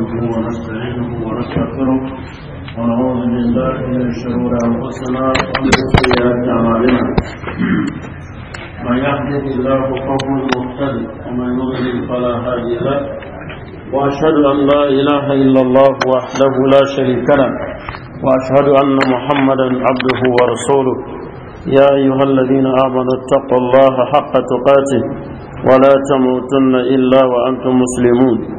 نحمده ونستعينه ونستغفره ونعوذ بالله من شرور انفسنا ومن سيئات اعمالنا من يهده الله فهو المهتد ومن يضلل فلا هادي له واشهد ان لا اله الا الله وحده لا شريك له واشهد ان محمدا عبده ورسوله يا ايها الذين امنوا اتقوا الله حق تقاته ولا تموتن الا وانتم مسلمون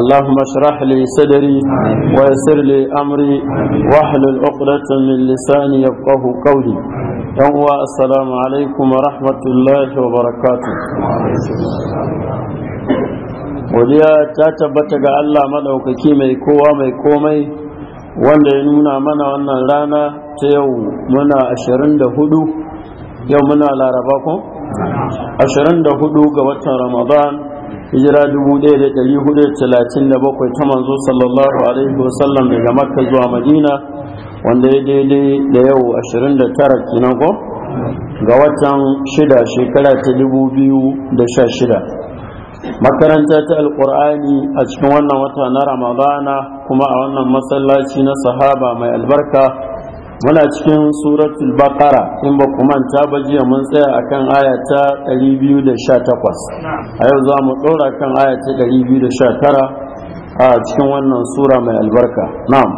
اللهم اشرح لي صدري ويسر لي امري واحلل عقدة من لساني يفقه قولي يوم السلام عليكم ورحمة الله وبركاته ta tabbata ga Allah maɗaukaki mai kowa mai komai wanda ya nuna mana wannan rana ta yau muna 24 yau muna ga watan ramadan hijira 1437 ta manzo sallallahu alaihi wasallam daga makka zuwa madina wanda ya daidai da yau 29 kenan ko ga watan shida shekara ta 2016 makaranta ta alkur'ani a cikin wannan wata na ramadana kuma a wannan masallaci na sahaba mai albarka muna cikin suratul baqara in ba kuma ta ba jiya mun tsaya akan aya ta 218 a yau za mu ɗora kan aya ta 219 a cikin wannan sura mai albarka na'am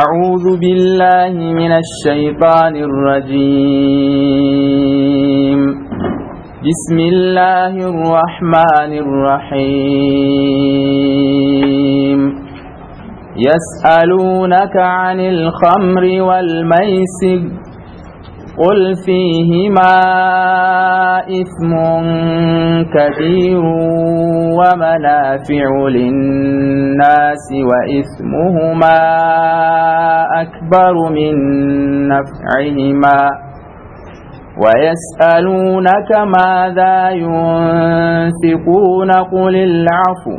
أعوذ بالله من الشيطان الرجيم بسم الله الرحمن يسألونك عن الخمر والميسر قل فيهما إثم كبير ومنافع للناس وإثمهما أكبر من نفعهما ويسألونك ماذا ينفقون قل العفو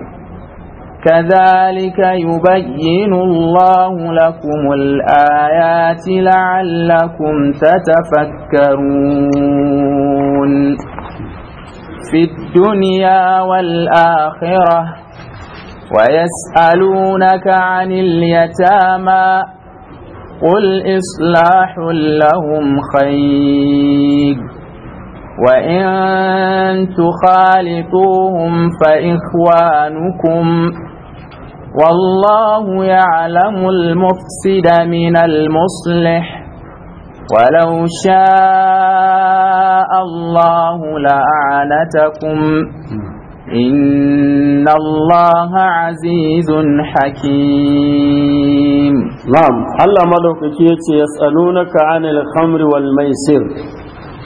كذلك يبين الله لكم الآيات لعلكم تتفكرون في الدنيا والآخرة ويسألونك عن اليتامى قل إصلاح لهم خير وإن تخالطوهم فإخوانكم والله يعلم المفسد من المصلح ولو شاء الله لأعنتكم إن الله عزيز حكيم نعم الله ملوك يسألونك عن الخمر والميسر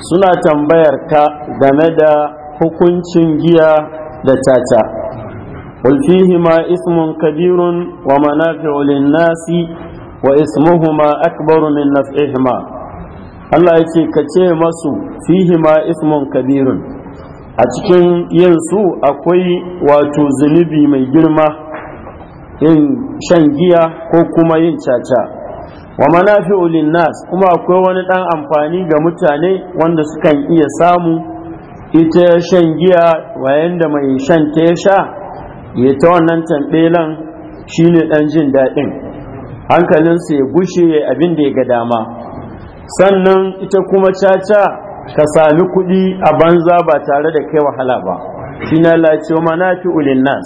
suna tambayar ka game da hukuncin giya da tata قل فيهما اسم كبير ومنافع للناس واسمهما أكبر من نفعهما الله يتي كتي مسو فيهما اسم كبير أتكن ينسو أقوي واتو زنبي من جرمة إن شنجيا كوكما ينشاتا ومنافع للناس كما أقوي وندان أمفاني جمتاني واندسكن إيسامو ita shan giya wayan da mai shan ta ya sha ya ta wannan tambelan ne ɗan jin daɗin hankalinsa ya gushe ya abin da ya ga dama sannan ita kuma caca ka sami kuɗi a banza ba tare da kai wahala ba shi na lace mana fi ulin nas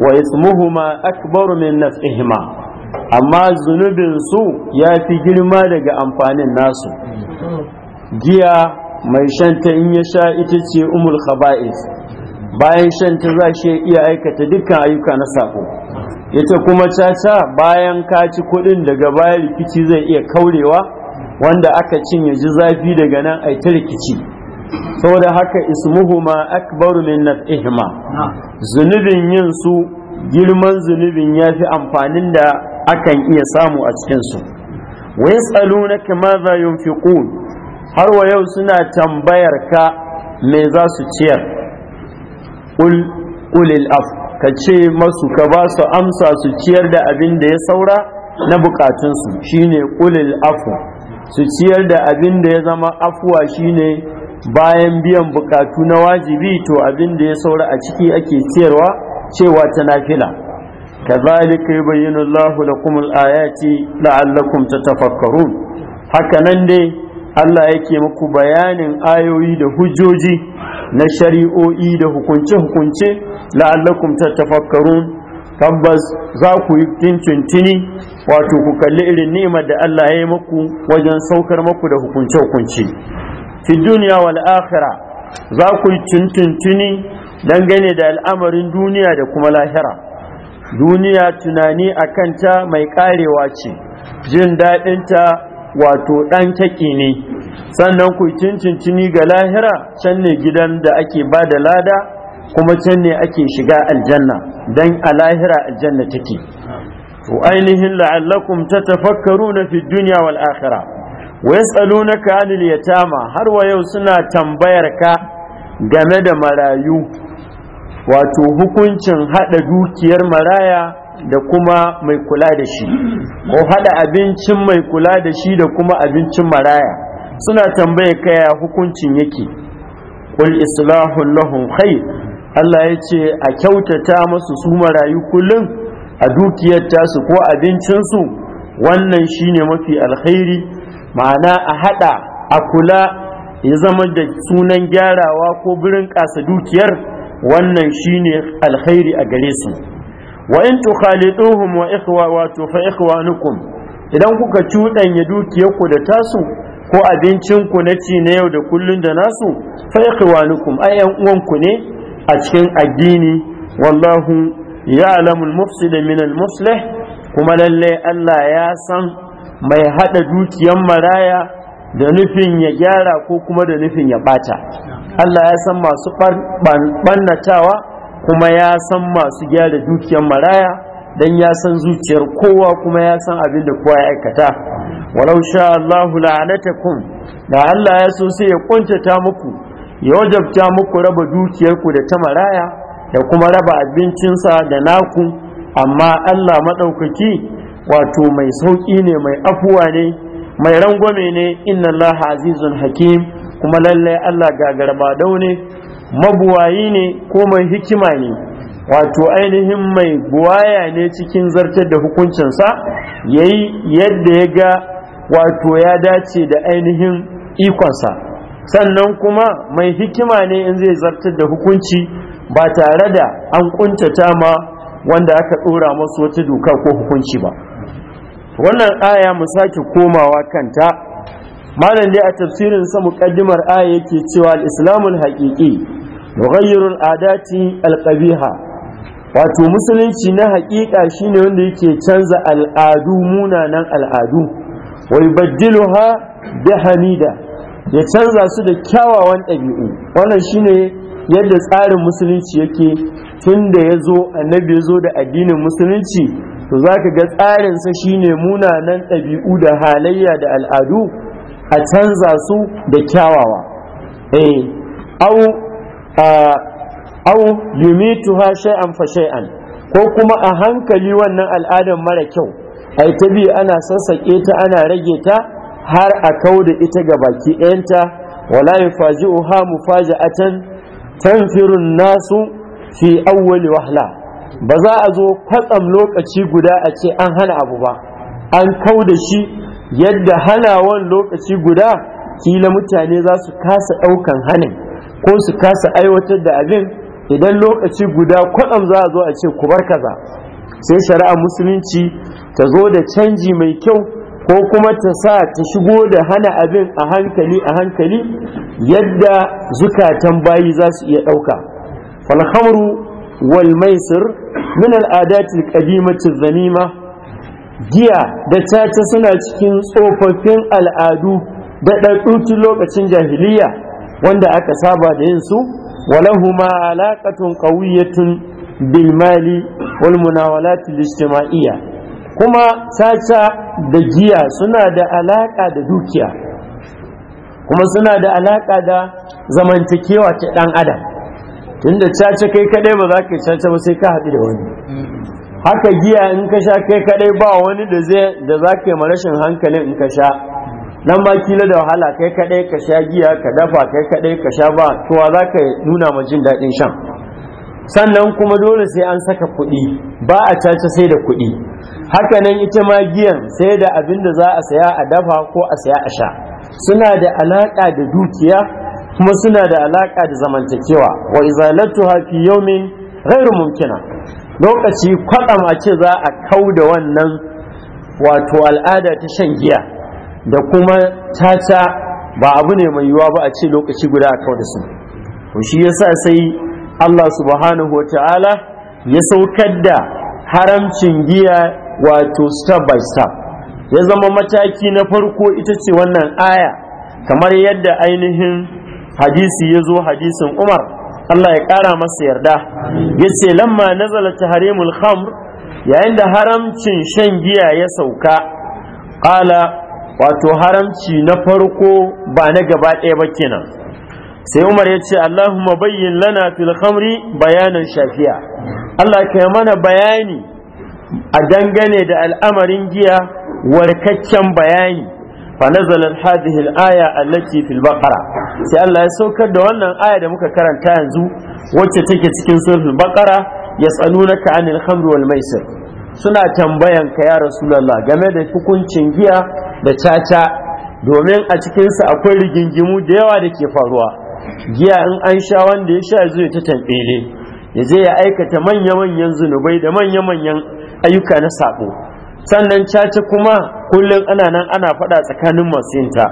wa ma akbaru min naf'ihima amma zunubin su ya fi girma daga amfanin nasu giya mai shanta in ya sha ita ce umul khaba'is bayan shan ta za shi iya aikata dukkan ayyuka na sako ya ce kuma caca bayan ka ci kuɗin daga baya rikici zai iya kaurewa wanda aka cin ya ji zafi daga nan a ta rikici saboda haka ismuhu ismuhuma akbaru min na ihima. zunubin yin su girman zunubin ya fi amfanin da akan iya samu a cikinsu wa yas'alunaka madha yunfiqun har wa yau suna tambayar ka me za su ciyar qul af ka ce masu ka ba su amsa su ciyar da abin da ya saura na bukatunsu shine ƙulil afu su ciyar da abin da ya zama afuwa shine bayan biyan bukatu na wajibi to abin da ya saura a ciki ake ciyarwa cewa ta nafila kazalika yubayyinu Allahu lakum al-ayati la'allakum tatafakkarun haka nan dai Allah yake muku bayanin ayoyi da hujjoji na shari'o'i da hukunce-hukunce la'allakum tafakkarun tabbas za ku yi tuntuntuni wato ku kalli irin ni'imar da Allah ya yi muku wajen saukar muku da hukunce-hukunce fi duniya wal akhira za ku yi tuntuntuni dangane da al'amarin duniya da kuma lahira duniya tunani a kanta mai karewa ce jin daɗinta wato ɗan taƙi ne sannan ku cincincini ga lahira can ne gidan da ake ba da lada kuma can ne ake shiga aljanna don a lahira aljanna take to ainihin la'allakum na fi dunya wal tsalo wa yas'alunaka ya yatama har wa yau suna tambayar ka game da marayu wato hukuncin hada dukiyar maraya da kuma mai kula da shi ko hada abincin mai kula da shi da kuma abincin maraya suna tambaye kaya hukuncin yake kul islahun lahum khair Allah ya ce a kyautata masu su marayu kullum a dukiyar tasu ko abincinsu wannan shine mafi alkhairi ma'ana a hada a kula ya zama da sunan gyarawa ko birin kasa dukiyar wannan shine alkhairi a gare su wa in tukhaliduhum wa ikhwa wato fa ikhwanukum idan kuka cuɗanya dukiyarku da tasu ko abincin ku na ci na yau da kullun da nasu fa ikhwanukum ai yan uwanku ne a cikin addini wallahu ya'lamu al-mufsida min al-muslih kuma lalle Allah ya san mai hada dukiyan maraya da nufin ya gyara ko kuma da nufin ya bata Allah ya san masu ɓannatawa kuma ya san masu gyara dukiyar maraya dan ya san zuciyar kowa kuma ya san abin da kowa ya aikata walau sha Allahu la'anatakum da Allah ya so sai ya kuntata muku ya wajabta muku raba dukiyarku da ta maraya da kuma raba abincinsa da naku amma Allah maɗaukaki wato mai sauƙi ne mai afuwa ne mai rangwame ne inna Allah azizun hakim kuma lallai Allah ga gagarba ne mabuwayi ne ko mai hikima ne wato ainihin mai buwaya ne cikin zartar da hukuncinsa ya yi yadda ya ga wato ya dace da ainihin ikonsa sannan kuma mai hikima ne in zai zartar da hukunci ba tare da an kuntata ma wanda aka ɗora masu wata doka ko hukunci ba wannan aya mu sake komawa kanta malam dai a tafsirin sa muqaddimar aya yake cewa al-islamul haqiqi mughayyirul adati alqabiha wato musulunci na haƙiƙa shine wanda yake canza al'adu munanan al'adu wa yubaddiluha bi hamida ya canza su da kyawawan ɗabi'u wannan shine yadda tsarin musulunci yake tun da ya zo annabi ya da addinin musulunci to za ka ga tsarinsa shine munanan ɗabi'u da halayya da al'adu a canza su da kyawawa eh au au ha shay'an fa shay'an ko kuma a hankali wannan al'adar mara kyau ai ta bi ana sassake ta ana rage ta har a kau da ita ga baki ɗayanta wala ha mufaja'atan tanfirun nasu fi awwali wahla ba za a zo kwatsam lokaci guda a ce an hana abu ba an kau da shi yadda hanawan lokaci guda kila mutane za su kasa ɗaukan hanin ko su kasa aiwatar da abin idan lokaci guda kwatsam za a zo a ce ku bar kaza sai shari'a musulunci ta zo da canji mai kyau ko kuma ta sa ta shigo da hana abin a hankali a hankali yadda zukatan bayi za su iya ɗauka falhamru wal maisir min al'adatil qadimatil zanima giya da caca suna cikin tsofaffin al'adu da ɗaɗɗutun lokacin jahiliya wanda aka saba da yin su walahuma alaqatun qawiyatun bil mali wal munawalat al ijtima'iyya kuma caca da giya suna da alaka da dukiya kuma suna da alaka da zamantakewa ta dan adam tunda caca kai kadai ba za ka caca ba sai ka haɗu da wani haka giya in ka sha kai kadai ba wani da zai da za ka yi rashin hankalin in ka sha Nan ba kila da wahala kai kadai ka sha giya ka dafa kai kadai ka sha ba to za ka nuna ma jin daɗin shan sannan kuma dole sai an saka kuɗi ba a caca sai da kuɗi haka nan ita ma giyan sai da abin da za a saya a dafa ko a saya a sha suna da alaƙa da dukiya kuma suna da alaƙa da zamantakewa wa izalatuha fi yawmin ghairu mumkina lokaci kwaɗam ce za a kau da wannan wato al'ada ta shan giya da kuma caca ba abu ne mai yiwuwa ba a ce lokaci guda a kawo da su to shi yasa sai Allah subhanahu wa ta'ala ya saukar da haramcin giya wato step by step ya zama mataki na farko ita ce wannan aya kamar yadda ainihin hadisi ya zo hadisin umar Allah ya ƙara masa yarda ya ce lamma nazala taharimul khamr yayin da haramcin shan giya ya sauka ƙala wato haramci na farko ba na gaba ɗaya ba kenan sai umar ya ce allahumma bayyin lana fil khamri bayanan shafiya allah ka mana bayani a dangane da al'amarin giya warkaccen bayani fa nazalat hadhihi al-aya allati fil baqara sai Allah ya saukar da wannan aya da muka karanta yanzu wacce take cikin suratul baqara yas'alunaka anil khamri wal maisir suna tambayan ka ya rasulallah game da hukuncin giya da caca domin a cikinsa akwai rigingimu da yawa da ke faruwa giya in an sha wanda ya sha zuwa ta tambele ya je ya aikata manya-manyan zunubai da manya-manyan ayyuka na sabo sannan caca kuma kullum ana nan ana faɗa tsakanin masu yinta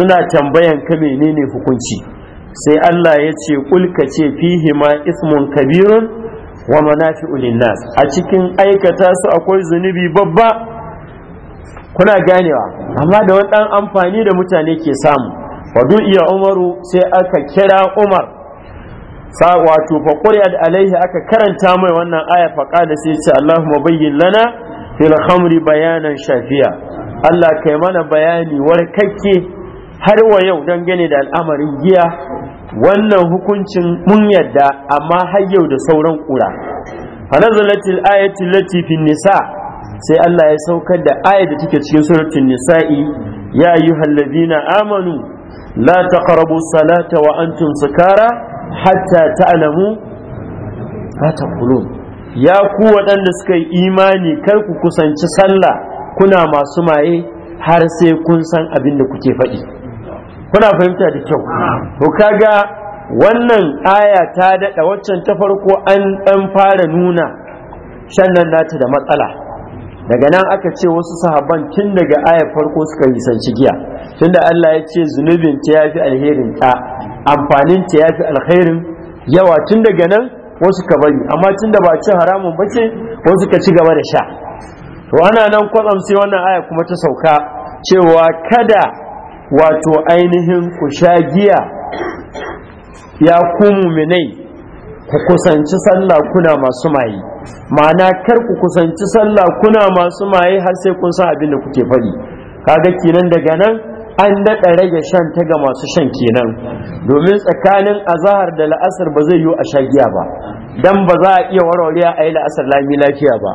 suna tambayan ka menene hukunci sai Allah ya ce kulka ce fihi ismun kabirun wa manafi'u linnas a cikin aikata su akwai zunubi babba kuna ganewa amma da wani dan amfani da mutane ke samu wa iya umaru sai aka kira umar sa wato fa qur'an alaihi aka karanta mai wannan aya fa qala sai ce Allahumma bayyin lana fil khamri bayanan shafiya Allah kai mana bayani warkakke har wa yau dangane da al'amarin giya wannan hukuncin mun yadda amma har yau da sauran kura fa nazalatil ayati lati nisa sai Allah ya saukar da ayat da take cikin suratul nisa'i ya ayyuhallazina amanu la taqrabu salata wa antum sukara hatta ta'lamu ma taqulun ya ku waɗanda suka yi imani kar ku kusanci sallah kuna masu maye har sai kun san abin da kuke faɗi kuna fahimta da kyau to kaga wannan aya ta daɗa waccan ta farko an ɗan fara nuna shan nan nata da matsala daga nan aka ce wasu sahabban tun daga aya farko suka yi nisanci giya tunda Allah ya ce zunubin ta yafi alherin ta amfanin ta yafi alherin yawa tun daga nan wasu ka bari amma tun da ba ci haramun ba ce wasu ka ci gaba da sha to ana nan kwatsam sai wannan aya kuma ta sauka cewa kada wato ainihin ku sha giya ya ku muminai ku kusanci sallah kuna masu maye ma'ana kar ku kusanci sallah kuna masu maye har sai kun san abin da kuke fari kaga kenan daga nan an daɗa rage shan ta ga masu shan kenan domin tsakanin azahar da la'asar ba zai yi a sha giya ba dan ba za a iya warware a yi la'asar lami lafiya ba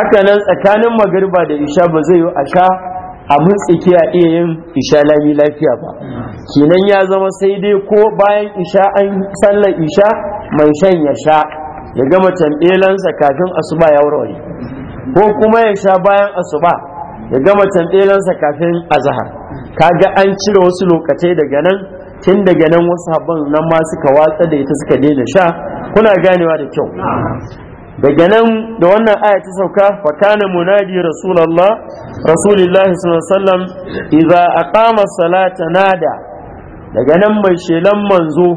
haka nan tsakanin magariba da isha ba zai yi a sha a mutsike a iya yin isha lami lafiya ba kinan ya zama sai dai ko bayan isha an sallar isha mai shan ya sha ya gama tambelansa kafin asuba ya warware ko kuma ya sha bayan asuba ya gama tambelansa kafin ka ga an cire wasu lokacai daga nan tun daga nan wasu habban nan ma suka watsa da ita suka daina sha kuna ganewa da kyau daga nan da wannan aya ta sauka fa kana munadi rasulullah rasulullahi sallallahu alaihi wasallam idza salata nada daga nan mai shelan manzo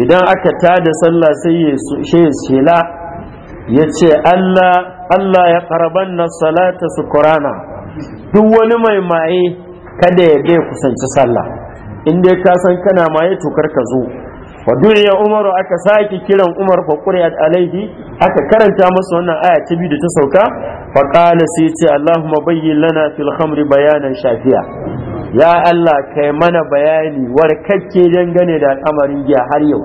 idan aka tada sallah sai ya shela ya Allah Allah ya na salata sukurana duk wani mai maye kada ya bai kusanci sallah in dai ka san kana maye to kar ka zo wa du'iya umar aka sake kiran umar fa quri'at alaihi aka karanta masa wannan aya ta biyu da ta sauka fa qala sai ce allahumma bayyin lana fil khamri bayanan shafiya ya allah kai mana bayani warkakke dangane da al'amarin giya har yau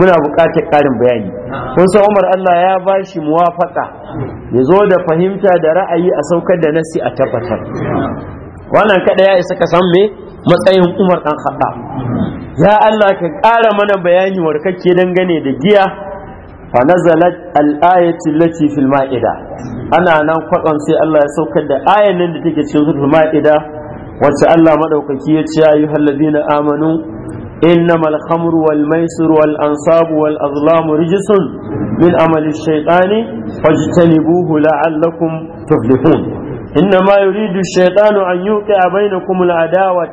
muna buƙatar ƙarin bayani kun san umar allah ya bashi shi muwafaƙa ya zo da fahimta da ra'ayi a saukar da nasi a tabbatar wannan kada ya isa ka san me matsayin Umar dan haɗa. ya Allah ka ƙara mana bayani warkakke dangane da giya fa nazalat al-ayatu allati fil ma'ida ana nan kwatsan sai Allah ya saukar da ayan nan da take cikin suratul ma'ida wacce Allah madaukaki ya ce ayyuhal ladina amanu innamal khamru wal maisir wal ansab wal azlam rijsun min amalin ash-shaytani fajtanibuhu la'allakum tuflihun إنما يريد الشيطان أن يوقع بينكم العداوة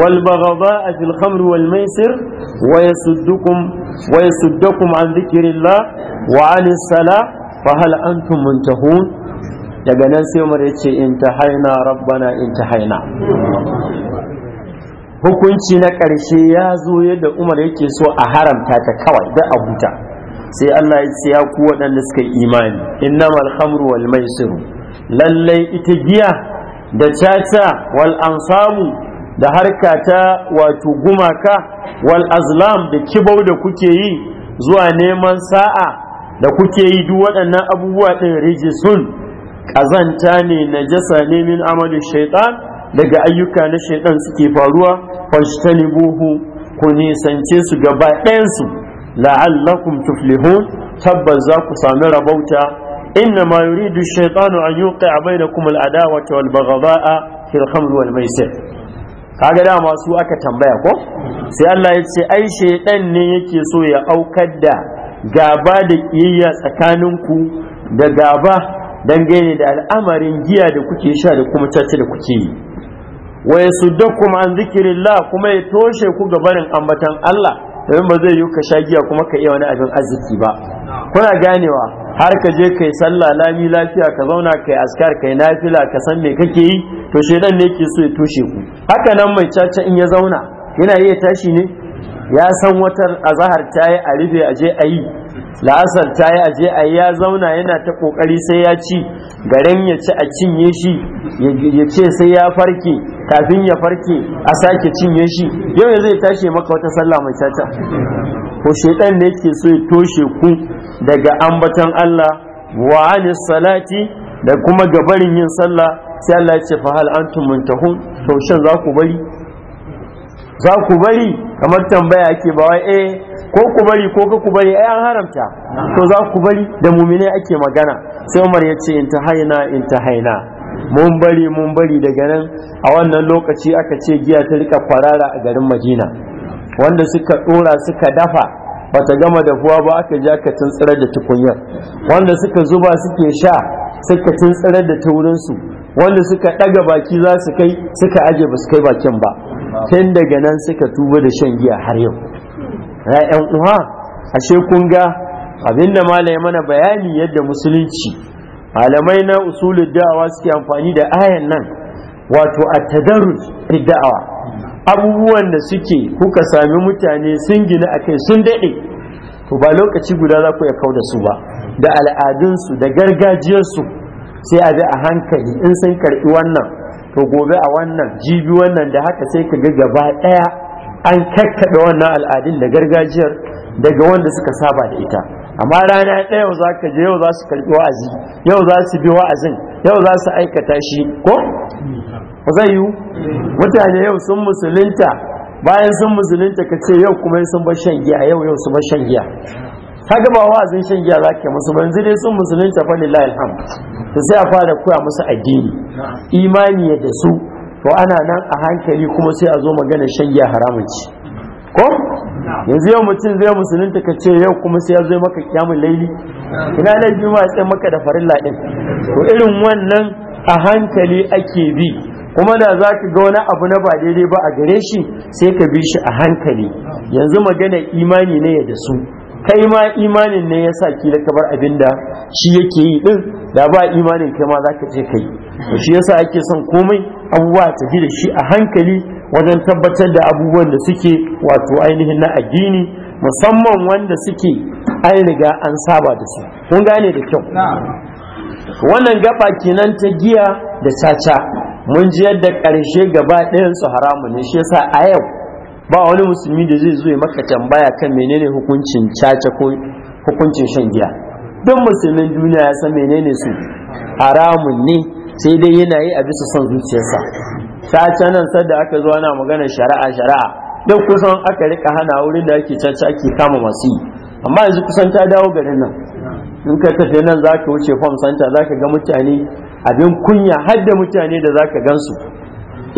والبغضاء في الخمر والميسر ويسدكم ويسدكم عن ذكر الله وعن الصلاة فهل أنتم منتهون daga nan sai umar yace intahaina rabbana hukunci na ƙarshe ya zo yadda umar yake so a haramta ta kawai da abuta sai Allah ya ce ya ku waɗanda suka imani innamal khamru wal maisiru lallai ita giya da caca wal ansamu da harka ta wato gumaka wal azlam da kibau da kuke yi zuwa neman sa'a da kuke yi duk waɗannan abubuwa ɗin rijisun ƙazanta ne najasa ne min amalin shaitan daga ayyuka na shaitan suke faruwa buhu ku nisance su gaba ɗayansu la'allakum tuflihun tabbas za ku sami rabauta inna ma yuridu shaytanu an yuqi'a bainakum al-adawata wal baghdha'a fil khamr wal maisir kaga da masu aka tambaya ko sai Allah ya ce ai shaytan ne yake so ya aukar da gaba da kiyayya ku da gaba dangane da al'amarin giya da kuke sha da kuma tace da kuke yi wa yasuddukum an zikrillah kuma ya toshe ku ga gabanin ambatan Allah domin ba zai yi ka sha giya kuma ka iya wani abin arziki ba kuna ganewa har ka je kai sallah lami lafiya ka zauna kai askar kai nafila ka san me kake yi to shedan ne ke so ya tushe ku haka nan mai caca in ya zauna yana iya tashi ne ya san wata azahar ta yi a rufe a je a yi la'asar ta yi a je a yi ya zauna yana ta kokari sai ya ci garin ya ci a cinye shi ya ce sai ya farke kafin ya farke a sake cinye shi yau ya zai tashi maka wata sallah mai caca ko shaitan ne ke so ya toshe ku daga ambaton Allah wa anis salati da kuma gabarin yin sallah sai Allah ya ce fa hal antum muntahun to shin za ku bari za ku bari kamar tambaya ake ba wai eh ko ku bari ko ka ku bari ai an haramta to za ku bari da mumine ake magana sai Umar ya ce intahaina intahaina mun bari mun bari daga nan a wannan lokaci aka ce giya ta rika kwarara a garin madina wanda suka dora suka dafa bata gama dafuwa ba aka ja ka tuntsirar da tukunyar wanda suka zuba suke sha suka tuntsirar da taurinsu wanda suka ɗaga baki za su kai suka aje ba su kai bakin ba tun daga nan suka tuba da shan giya har yau ra'ayan uwa ashe kun ga abinda da mana bayani yadda musulunci malamai na usulun da'awa suke amfani da ayan nan wato a tadarus da'awa abubuwan da suke kuka sami mutane sun gina a kai sun daɗe to ba lokaci guda za ku ya kau da su ba da al'adunsu da gargajiyarsu sai a bi a hankali in sun karɓi wannan to gobe a wannan jibi wannan da haka sai ka ga gaba ɗaya an kakkaɓe wannan al'adun da gargajiyar daga wanda suka saba da ita amma rana ɗaya yau za ka je yau za su karɓi wa'azi yau za su bi wa'azin yau za su aikata shi ko zai yiwu mutane yau sun musulunta bayan sun musulunta ka ce yau kuma sun bar shan giya yau yau su bar shan giya ka ga ba wa'azin shan giya za ka musu yanzu dai sun musulunta fa lillahi alhamd to sai a fara koya musu addini imani da su to ana nan a hankali kuma sai a zo magana shan giya haramun ci ko yanzu yau mutum zai musulunta ka ce yau kuma sai ya zo maka kyamun laili ina laifin ma sai maka da farilla din to irin wannan a hankali ake bi kuma da za ka ga wani abu na ba daidai ba a gare shi sai ka bi shi a hankali yanzu magana imani ne ya da su kai ma imanin ne ya sa kila ka bar abin da shi yake yi din da ba imanin kai ma za ka je kai to shi yasa ake son komai abubuwa ta da shi a hankali wajen tabbatar da abubuwan da suke wato ainihin na addini musamman wanda suke an riga an saba da su kun gane da kyau wannan gaba kenan ta giya da caca mun ji yadda ƙarshe gaba ɗayan su haramu ne shi yasa a yau ba wani musulmi da zai zo ya maka tambaya kan menene hukuncin caca ko hukuncin shan giya don musulmin duniya ya san menene su haramun ne sai dai yana yi a bisa son zuciyarsa caca nan sadda aka zo ana magana shari'a shari'a don kusan aka rika hana wurin da ake caca ake kama masu yi amma yanzu kusan ta dawo garin nan in ka tafi nan za ka wuce fom santa za ka ga mutane abin kunya har da mutane da zaka gansu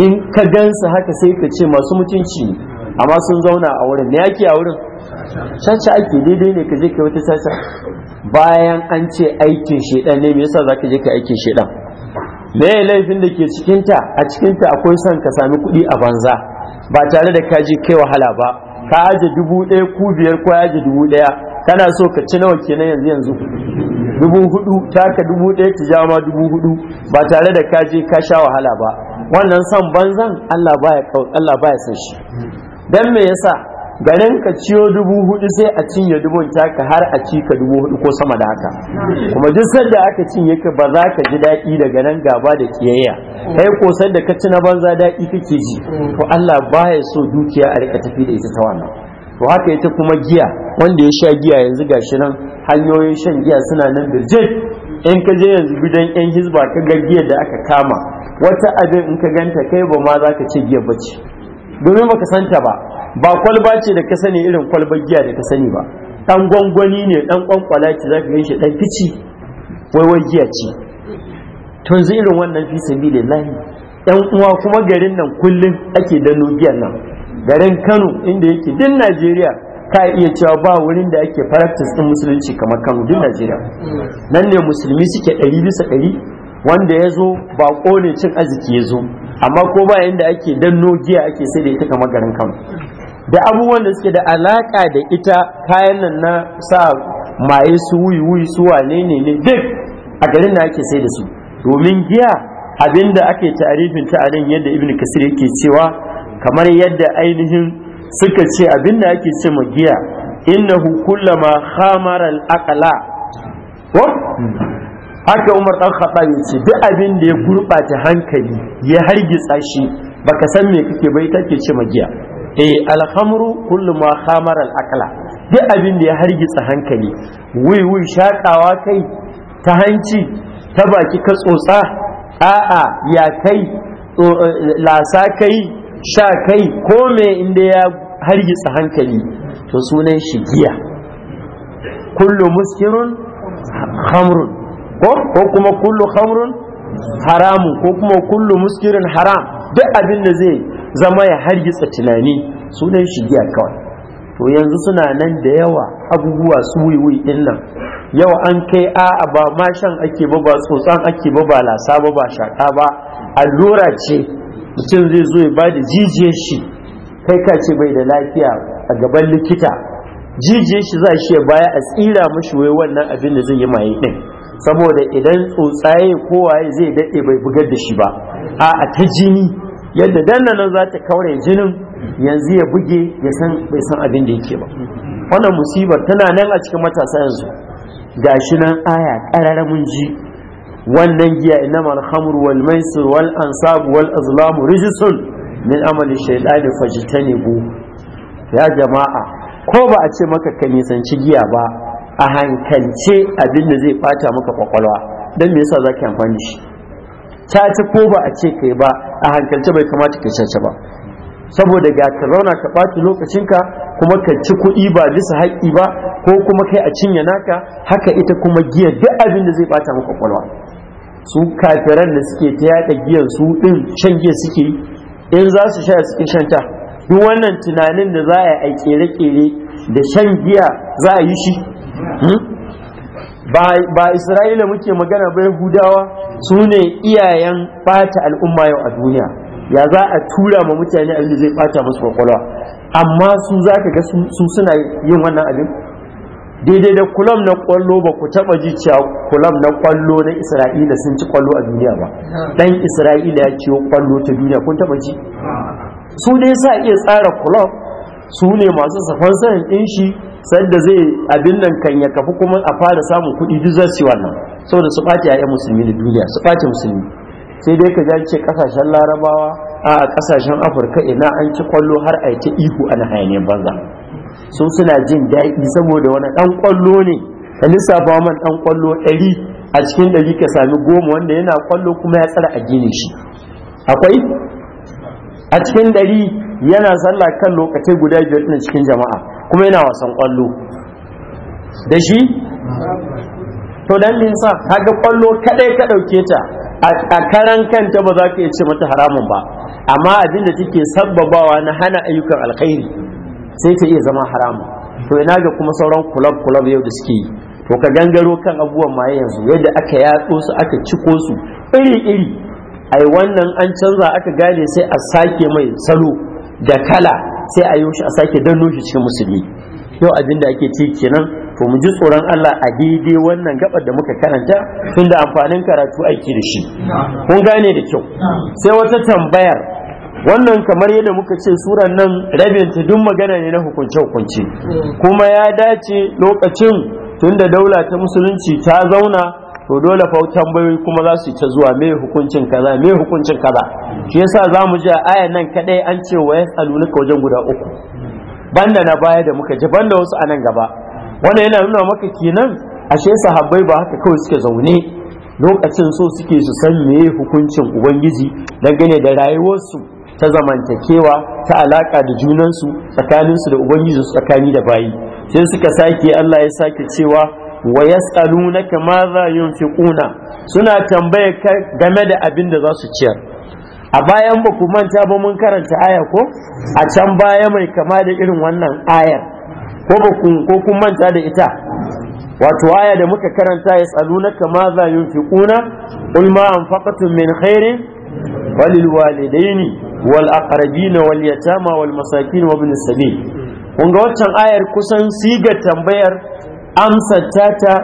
in ka gansu haka sai ka ce masu mutunci ne amma sun zauna a wurin ne yake a wurin caca ake daidai ne ka je ka wata caca bayan an ce aikin shedan ne me yasa zaka je ka aikin shedan me laifin da ke cikinta a cikinta akwai son ka sami kuɗi a banza ba tare da kaji kai wahala ba ka aje dubu ɗaya ku biyar ko aje dubu ɗaya kana so ka ci nawa kenan yanzu yanzu dubu hudu taka dubu daya ta jama dubu hudu ba tare da ka je ka sha wahala ba wannan san banzan Allah baya Allah baya san shi dan me yasa garin ka ciyo dubu hudu sai a cinye dubun taka har a ci ka dubu hudu ko sama da haka kuma duk sanda aka cinye ka ba za ka ji daɗi daga nan gaba da kiyayya kai ko sanda ka ci na banza daɗi kake ji to Allah baya so dukiya a rika tafi da ita ta wannan to haka ita kuma giya wanda ya sha giya yanzu gashi nan hanyoyin shan giya suna nan da jin in ka je yanzu gidan yan hizba ka ga giya da aka kama wata abin in ka ganta kai ba ma za ka ce giya bace domin ba baka santa ba ba kwalba ce da ka sani irin kwalbar giya da ka sani ba Ɗan gwangwani ne dan kwankwala ce za ka gan shi dan fici waiwai giya ce tun irin wannan fi sabilillahi yan uwa kuma garin nan kullum ake dano giyan nan garin Kano inda yake din Najeriya ka iya cewa ba wurin da ake practice din musulunci kamar Kano din Najeriya nan ne musulmi suke ɗari bisa ɗari wanda ya zo ba ne cin arziki ya zo amma ko ba yadda ake danno giya ake sai da ita kamar garin Kano da abubuwan da suke da alaka da ita kayan nan na sa maye su wuyi wuyi su wane ne ne duk a garin da ake sai da su domin giya abinda ake tarifin ta a nan yadda ibn kasir yake cewa kamar yadda ainihin suka ce abin da ake ce ma giya innahu kullama khamara al-aqla ko haka Umar dan Khattab ce duk abin da ya gurbata hankali ya hargitsa shi baka san me kake bai kake ce ma giya eh al-khamru kullama khamara aqla duk abin da ya hargitsa hankali wai wai shakawa kai ta hanci ta baki ka tsotsa a'a ya kai eh, lasa kai sha kai ko me inda ya hargitsa hankali to sunan shi giya kullu muskirun khamrun ko kuma kullu khamrun haramun ko kuma kullu muskirin haram duk abin da zai zama ya hargitsa tunani sunan shi giya kawai to yanzu suna nan da yawa abubuwa su wiwi din nan yau an kai a'a ba ma shan ake ba ba tsotsan ake ba ba lasa ba ba shaka ba allura ce mutum zai zo ya bada jijiyar shi kai ka ce bai da lafiya a gaban likita jijiyar shi za shi ya baya a tsira mashi wai wannan abin da zai yi maye din saboda idan tsotsaye kowaye zai daɗe bai bugar da shi ba a a ta jini yadda nan za ta kaure jinin yanzu ya buge ya san bai san abin da yake ba wannan musibar tana nan a cikin matasa yanzu gashi nan aya ƙararramin ji wannan giya ina al-khamr wal maisur wal ansab wal azlam rijisun min amali ne bu ya jama'a ko ba a ce maka ka nisanci giya ba a hankance abin da zai bata maka kwakwalwa dan me yasa zaka amfani da shi ta ci ko ba a ce kai ba a hankalce bai kamata ka shace ba saboda ga ka zauna ka ɓaci lokacinka kuma ka ci kuɗi ba bisa haƙƙi ba ko kuma kai a cinye naka haka ita kuma giya duk abin da zai bata maka ƙwaƙwalwa su kafiran da suke ta yaɗa giyan su ɗin shan giya suke in za su sha suke shanta duk wannan tunanin da za a yi kere-kere da shan giya za a yi shi hmm? ba isra'ila muke magana ba yahudawa su ne iyayen ɓata al'umma yau a duniya ya za a tura ma mutane abin da zai ɓata musu kwakwalwa amma su za ka ga su suna yin wannan abin daidai da kulam na kwallo ba ku taba ji cewa kulam na kwallo na isra'ila sun ci kwallo a duniya ba dan isra'ila ya ciwo kwallo ta duniya kun taba ji su dai sa iya tsara kulam su ne masu safan sanin din shi sanda zai abin nan kan ya kafi kuma a fara samun kuɗi duk za su yi wannan saboda su ɓace ya'yan musulmi da duniya su ɓace musulmi sai dai ka jance kasashen larabawa a ƙasashen afirka ina an ci kwallo har a yi ta ihu ana hayaniyar banza su suna jin daɗi saboda wani ɗan ƙwallo ne ka lissafa man ɗan ƙwallo ɗari a cikin ɗari ka sami goma wanda yana ƙwallo kuma ya tsara a gini shi akwai a cikin ɗari yana sallah kan lokacin guda biyar ɗin cikin jama'a kuma yana wasan ƙwallo da shi to dan linsa haka ƙwallo kaɗai ka ɗauke ta a karan kanta ba za ka iya ce mata haramun ba amma abin da take sabbabawa na hana ayyukan alkhairi sai ta iya zama haramu to ina ga kuma sauran kulab kulab yau da suke yi to ka gangaro kan abubuwan maye yanzu yadda aka yatso su aka ciko su iri iri ai wannan an canza aka gane sai a sake mai salo da kala sai a yi shi a sake danno shi cikin musulmi yau abinda ake ci kenan to mu ji tsoron Allah a daidai wannan gabar da muka karanta tunda amfanin karatu aiki da shi kun gane da kyau sai wata tambayar wannan kamar yadda muka ce suran nan rabinta duk magana ne na hukunce-hukunce kuma ya dace lokacin tunda daula ta musulunci ta zauna to dole fa tambayoyi kuma za su ta zuwa me hukuncin kaza me hukuncin kaza shi yasa za mu ji a ayan nan kadai an ce wa yasalunaka wajen guda uku banda na baya da muka ji banda wasu anan gaba wannan yana nuna maka kenan ashe sahabbai ba haka kawai suke zaune lokacin so suke su san me hukuncin ubangiji dangane da rayuwarsu ta zamantakewa ta alaka da junansu tsakaninsu da ubangiji su tsakani da bayi sai suka sake Allah ya sake cewa wa yas'alunaka ma za yunfiquna suna tambaye game da abin da za su ciyar a bayan ba ku manta ba mun karanta aya ko a can baya mai kama da irin wannan ayar ko ba ko kun manta da ita wato aya da muka karanta ya tsaluna kama za yunfiquna qul ma anfaqtum min khairin walil walidaini wal aqrabina wal yatama wal masakin wa ibn sabil kun ga waccan ayar kusan siga tambayar amsar ta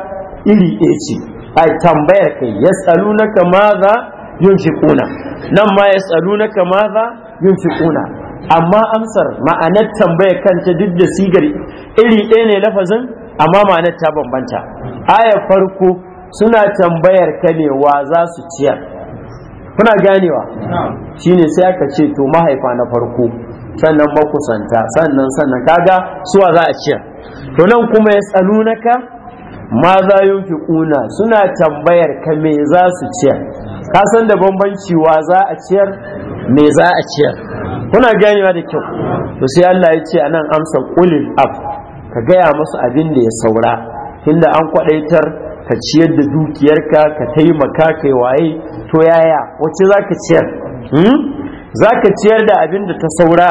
iri ɗaya ce ai tambayar kai yas'alunaka madha yunfiquna nan ma yas'alunaka madha yunfiquna amma amsar ma'anar tambayar kanta duk da sigar iri ɗaya ne lafazin amma ma'anar ta bambanta ayar farko suna tambayar ka ne wa za su ciyar kuna ganewa shine sai aka ce to mahaifa na farko sannan makusanta sannan sannan kaga suwa za a ciyar to nan kuma ya tsalunaka ma za kuna suna tambayar ka me za su ciyar ka san da bambanci wa za a ciyar me za a ciyar kuna ganewa da kyau to sai Allah ya ce anan amsa kulil ab ka gaya masu abin da ya saura tunda an kwadaitar ka ciyar da dukiyarka ka taimaka kai waye to yaya wace za ka ciyar hmm? za ka ciyar da abin da ta saura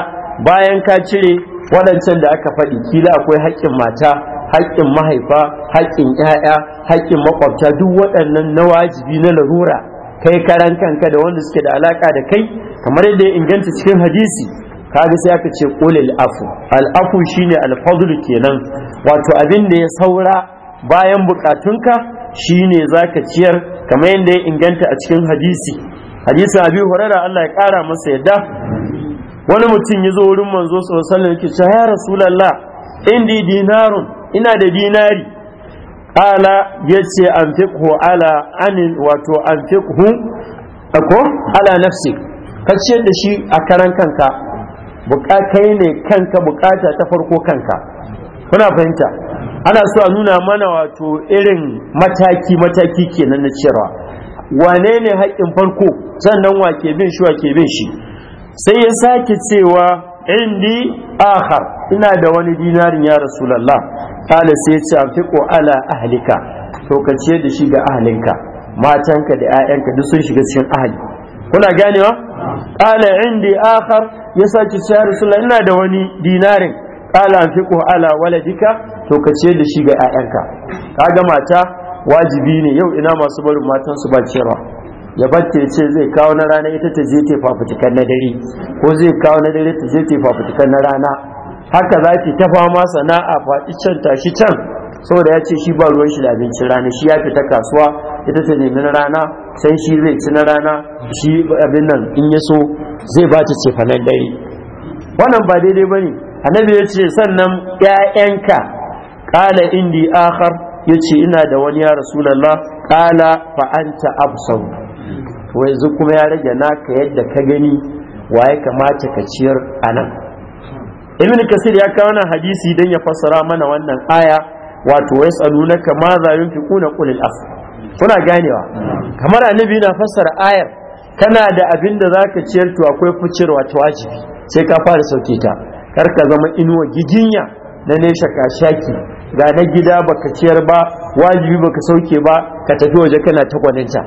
bayan ka cire waɗancan da aka faɗi kila akwai haƙƙin mata haƙƙin mahaifa haƙƙin 'ya'ya haƙƙin makwabta duk waɗannan na wajibi na larura kai karan kanka da wanda suke da alaƙa da kai kamar yadda ya inganta cikin hadisi ka kaga sai aka ce qul afu al shine al kenan wato abin da ya saura bayan bukatunka shine zaka ciyar kamar yadda ya inganta a cikin hadisi Hadisi abi horara Allah ya kara masa yadda wani mutum ya zo wurin manzo sallallahu alaihi wasallam yake ya rasulullah indi dinarun ina da dinari ala yace anfiqhu ala anil wato anfiqhu ko ala nafsi ka ciyar da shi a karan kanka bukakai ne kanka bukata ta farko kanka kuna fahimta ana so a nuna mana wato irin mataki mataki kenan na cewa wane ne haƙƙin farko sannan wa ke bin shi wa ke bin shi sai ya sake cewa indi akhar ina da wani dinarin ya rasulullah kala sai ya ce ala ahlika to ka ciyar da shi ga ahlinka matanka da 'ya'yanka duk sun shiga cikin ahli kuna ganewa kala indi akhar ya sake cewa rasulullah ina da wani dinarin ala anfiqu ala waladika to ka ciyar da shi ga 'ya'yanka kaga mata wajibi ne yau ina masu barin matan su ba ciyarwa ya bacce ce zai kawo na rana ita ta je ta fafutukan na dare ko zai kawo na dare ta je ta fafutukan na rana haka za ki ta fama sana'a faɗi can tashi can saboda ya ce shi ba ruwan shi da abincin rana shi ya fita kasuwa ita ta nemi na rana sai shi zai ci na rana shi abin nan in ya so zai ba ta nan dare wannan ba daidai ba ne annabi ya ce sannan ‘ya'yanka ƙala indi akhar ya ce ina da wani ya rasulallah ƙala fa'anta absau to yanzu kuma ya rage naka yadda ka gani waye kamata ka ciyar anan. ibn kasir ya kawo wannan hadisi dan ya fassara mana wannan aya wato ya tsalunaka ma za yunfiquna qul al as? kuna ganewa kamar annabi na fassara ayar kana da abin da zaka ciyar to akwai ficirwa ta wajibi sai ka fara sauke ta kar ka zama inuwa gijinya na nesha kashaki ga na gida baka ciyar ba wajibi baka sauke ba ka tafi waje kana ta kwaninta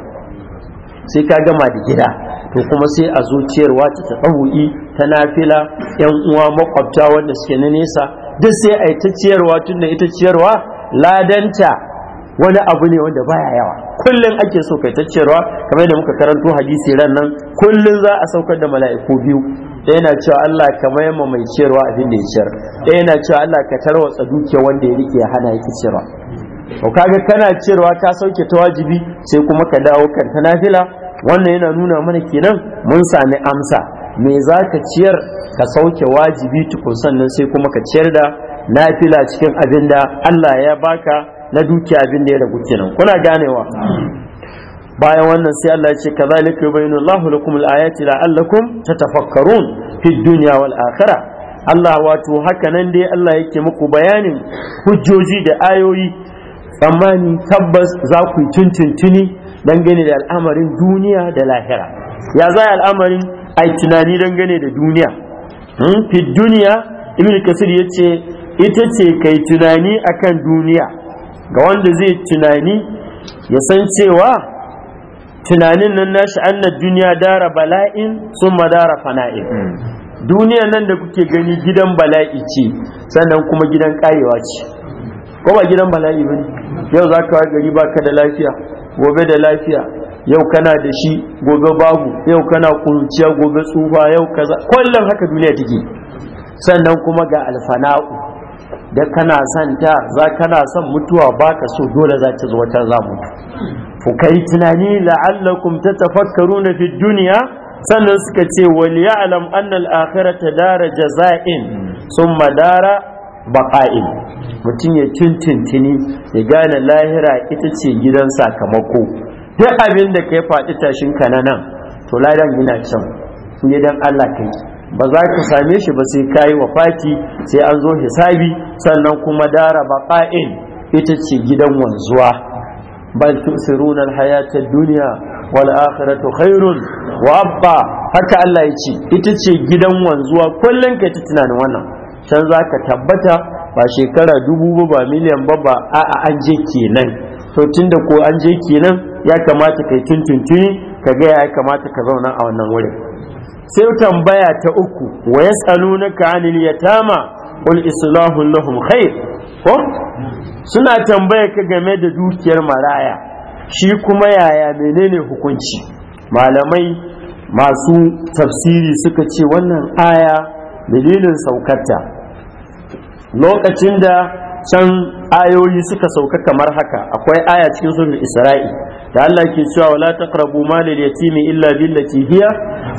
sai ka gama da gida to kuma sai a zuciyarwa ta taɓawu'i ta nafila yan uwa makwabta wanda suke na nesa duk sai a yi ta ciyarwa tun da ita ciyarwa ladanta wani abu ne wanda baya yawa kullum ake so kai ta ciyarwa kamar da muka karanto hadisi ran nan kullum za a saukar da mala'iku biyu ɗaya cewa Allah ka mayamma mai ciyarwa abin da ya ciyar ɗaya na cewa Allah ka tarwatsa dukiya wanda ya rike ya hana yake ciyarwa to kaga kana ciyarwa ka sauke ta wajibi sai kuma ka dawo kan ta nafila wannan yana nuna mana kenan mun sami amsa me za ka ciyar ka sauke wajibi tukun sannan sai kuma ka ciyar da nafila cikin abin da Allah ya baka na dukiya abin da ya ragu kenan kuna ganewa bayan wannan sai Allah ya ce kazalika yubayinu Allahu lakum al-ayati la'allakum tatafakkarun fi dunya wal akhirah Allah wato haka nan dai Allah yake muku bayanin hujjoji da ayoyi tsammani tabbas za ku yi tuntuntuni dangane da al'amarin duniya da lahira ya za al'amarin ai tunani dangane da duniya hmm? fi duniya ibn kasir ya ce ita ce kai tunani akan duniya ga wanda zai tunani ya san cewa tunanin nan nashi annar duniya dara bala'in sun dara fana'in hmm. duniya nan da kuke gani gidan bala'i ce sannan kuma gidan karewa ce ko ba gidan bala'i ba ne yau za ka wa gari ba ka da lafiya gobe da lafiya yau kana da shi gobe babu yau kana kunciya gobe tsufa yau kaza kullum haka duniya take sannan kuma ga alfana'u da kana son ta za kana son mutuwa ba ka so dole za ta zo wata za mu ku kai tunani la'allakum na fi duniya, sannan suka ce wani ya'lam anna al ta dara jaza'in sun dara baqa'in mutum ya tuntuntuni ya gane lahira ita ce gidan sakamako duk abin da ka faɗi tashin ka na nan to ladan yana can in don Allah kai ba za ka same shi ba sai kayi wafati sai an zo hisabi sannan kuma dara baqa'in ita ce gidan wanzuwa bal tusiruna alhayata dunya wal akhiratu khairun wa abqa haka Allah ya ce ita ce gidan wanzuwa kullun ka ta tunanin wannan can za ka tabbata ba shekara dubu ba ba miliyan ba ba a'a an je kenan to tunda ko an je kenan ya kamata kai tuntuntuni ka ga ya kamata ka zauna a wannan wurin sai tambaya ta uku wa yas'alunaka 'anil yatama qul islahun lahum khair ko suna tambaya ka game da dukiyar maraya shi kuma yaya menene hukunci malamai masu tafsiri suka ce wannan aya dalilin saukarta lokacin da can ayoyi suka sauka kamar haka akwai aya cikin sunan isra'i da Allah ke cewa wala taqrabu al yatimi illa billati hiya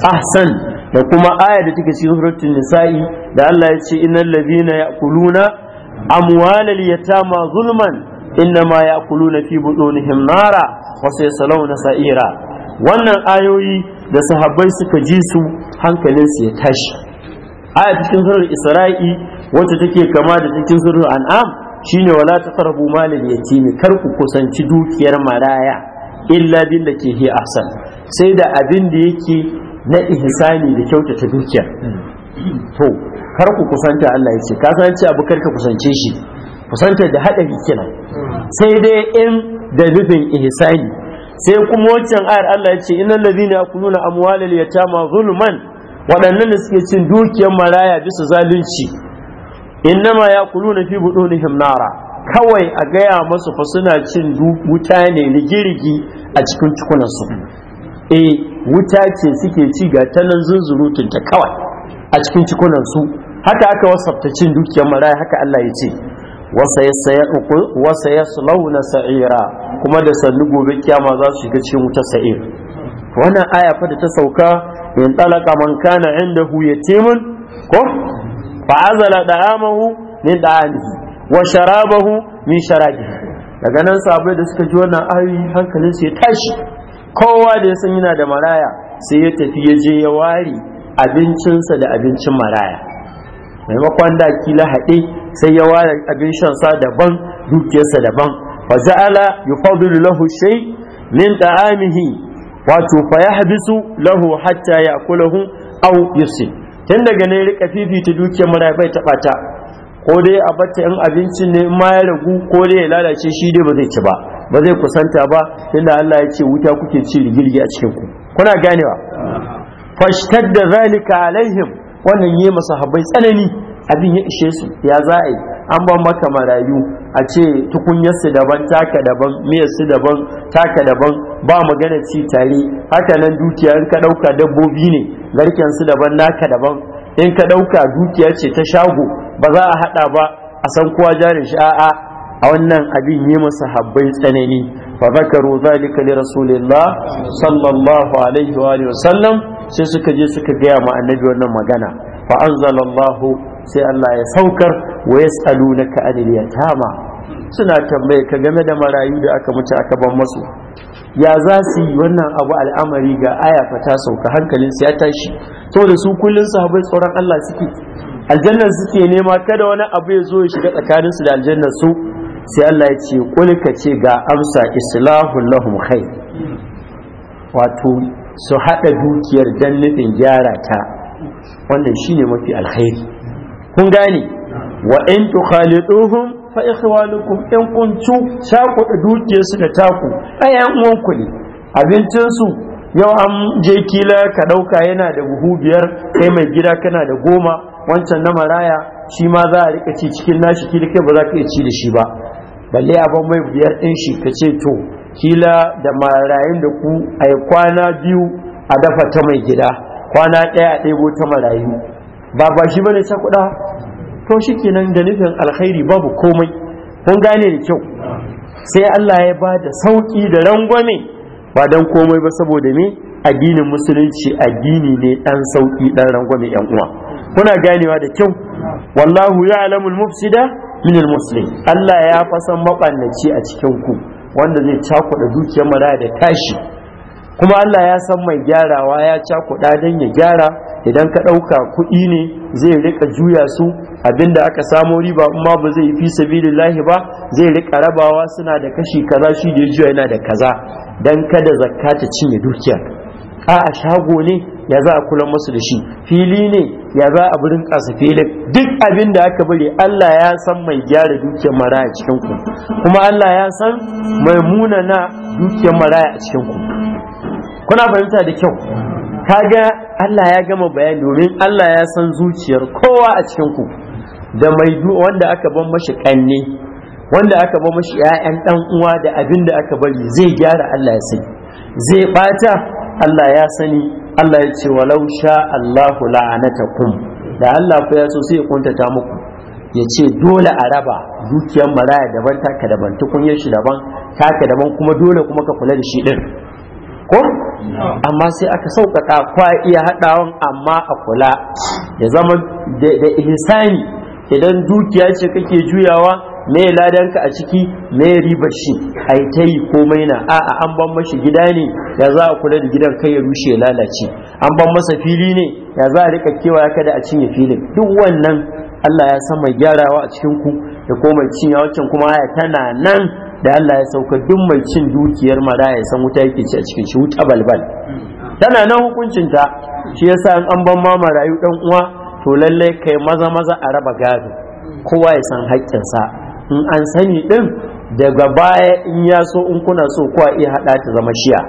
ahsan da kuma aya da take cikin suratul nisa'i da Allah ya ce innal ladina ya'kuluna al yatama zulman innama ya'kuluna fi butunihim nara wa na sa'ira wannan ayoyi da sahabbai suka ji su hankalin su ya tashi aya cikin suratul isra'i wacce take kama da cikin suratul an'am shine wala taqrabu al yatimi kar ku kusanci dukiyar maraya illa da ke hiya ahsan sai da abin da yake na ihsani da kyautata dukiya to kar ku kusanta Allah ya ce ka san abu kar ka kusance shi kusanta da hada kenan sai dai in da nufin ihsani sai kuma wancan ayar Allah ya ce innal ladina yakuluna amwalal yatama zulman waɗannan da suke cin dukiyar maraya bisa zalunci innama yakuluna fi budunihim nara kawai a gaya masu fa suna cin wuta ne girgi a cikin tukunansu e wuta ce suke ci ga tanan zunzurutun ta kawai a cikin tukunansu haka aka wasafta cin dukiyar marayi haka Allah ya ce wasa ya launa sa'ira kuma da sannu gobe kyama za su shiga cikin wuta sa'ira wannan aya fa da ta sauka in talaka man kana hu yatimun ko fa azala da'amahu min da'anihi wa sharabahu min sharabi daga nan sabai da suka ji wannan ayoyi hankalin su ya tashi kowa da ya san yana da maraya sai ya tafi ya je ya ware abincinsa da abincin maraya maimakon da kila haɗe sai ya ware abin shansa daban dukiyarsa daban fa za'ala yufadilu lahu shay min ta'amihi wato fa ya habisu lahu hatta ya kulahu au yusi tun daga ne rika fifita dukiyar maraya bai taɓa ta ko dai a bata in abinci ne in ma ya ragu ko dai ya lalace shi dai ba zai ci ba ba zai kusanta ba inda Allah ya ce wuta kuke ci rigirgi a cikin ku kuna ganewa fashtad da zalika alaihim wannan yi masahabai tsanani abin ya ishe su ya za a yi an ban maka marayu a ce tukunyarsu daban taka daban su daban taka daban ba magana ci tare haka nan dukiya in ka ɗauka dabbobi ne garken su daban naka daban in ka ɗauka dukiya ce ta shago ba za a haɗa ba a san kowa jarin shi a'a a wannan abin yi masa habbai tsanani fa zakaru zalika li rasulillah sallallahu alaihi wa sallam sai suka je suka gaya ma annabi wannan magana fa anzalallahu sai Allah ya saukar wa yas'alunaka anil yatama suna tambaye ka game da marayu da aka mutu aka ban masu ya za su yi wannan abu al'amari ga aya fa ta sauka hankalin su ya tashi saboda su kullun sahabbai tsoron Allah suke aljannar suke nema kada wani abu ya zo ya shiga tsakanin su da aljannar su sai Allah ya ce kul ka ce ga amsa islahul lahum khair wato su hada dukiyar jannatin gyara ta wannan shine mafi alkhairi kun gane wa in tukhaliduhum fa ikhwanukum in kuntu shaku dukiyar su da taku ayan ku ne abincin su yau an je kila ka dauka yana da buhu biyar kai mai gida kana da goma wancan na maraya shi ma za a rika ci cikin nashi kila kai ba za ka iya ci da shi ba balle abin mai biyar ɗin shi ka ce to kila da marayun da ku a kwana biyu a dafa ta mai gida kwana ɗaya a ɗebo ta marayu ba ba shi bane ta kuɗa to shi kenan da nufin alkhairi babu komai kun gane da kyau sai Allah ya ba da sauƙi da rangwame ba don komai ba saboda me addinin musulunci addini ne ɗan sauƙi ɗan rangwame 'yan uwa kuna ganewa da kyau wallahu ya alamul mufsida min muslim Allah ya fasan maɓannaci a cikin ku wanda zai cakuɗa dukiyar mara da tashi kuma Allah ya san mai gyarawa ya cakuɗa don ya gyara idan ka ɗauka kuɗi ne zai rika juya su abinda aka samo riba amma ba zai fi sabilillahi ba zai rika rabawa suna da kashi kaza shi da ya juya yana da kaza dan kada zakka ta cinye dukiyar a a shago ne ya za a kula masu da shi fili ne ya za a burin ƙasa filin duk abin da aka bari Allah ya san mai gyara dukiyar maraya a cikin ku kuma Allah ya san mai munana dukiyar maraya a cikin kuna fahimta da kyau kaga Allah ya gama bayani domin Allah ya san zuciyar kowa a cikinku? da mai wanda aka ban mashi kanne wanda aka ban mashi 'ya'yan dan uwa da abin da aka bari zai gyara Allah ya sai zai bata Allah ya sani Allah ya ce walau sha Allahu la'anatakum da Allah ya so sai ya kuntata muku ya ce dole a raba dukiyar maraya daban taka daban tukunyar shi daban taka daban kuma dole kuma ka kula da shi din ko amma sai aka sauƙaƙa kwa iya haɗawan amma a kula ya zama da ihsani idan dukiya ce kake juyawa me ka a ciki me riba shi ai ta komai na a'a an ban mashi gida ne ya za a kula da gidan kai ya rushe lalace an ban masa fili ne ya za a rika kewa kada a cinye filin duk wannan Allah ya san mai gyarawa a cikin ku da ko mai wancan kuma aya tana nan da Allah ya sauka duk mai cin dukiyar mara ya san wuta yake ci a cikin shi wuta balbal tana nan hukuncinta shi yasa an an ban ma marayu dan uwa to lallai kai maza maza a raba gado kowa ya san haƙƙinsa in an sani din daga baya in ya so in kuna so a iya hada ta zama shiya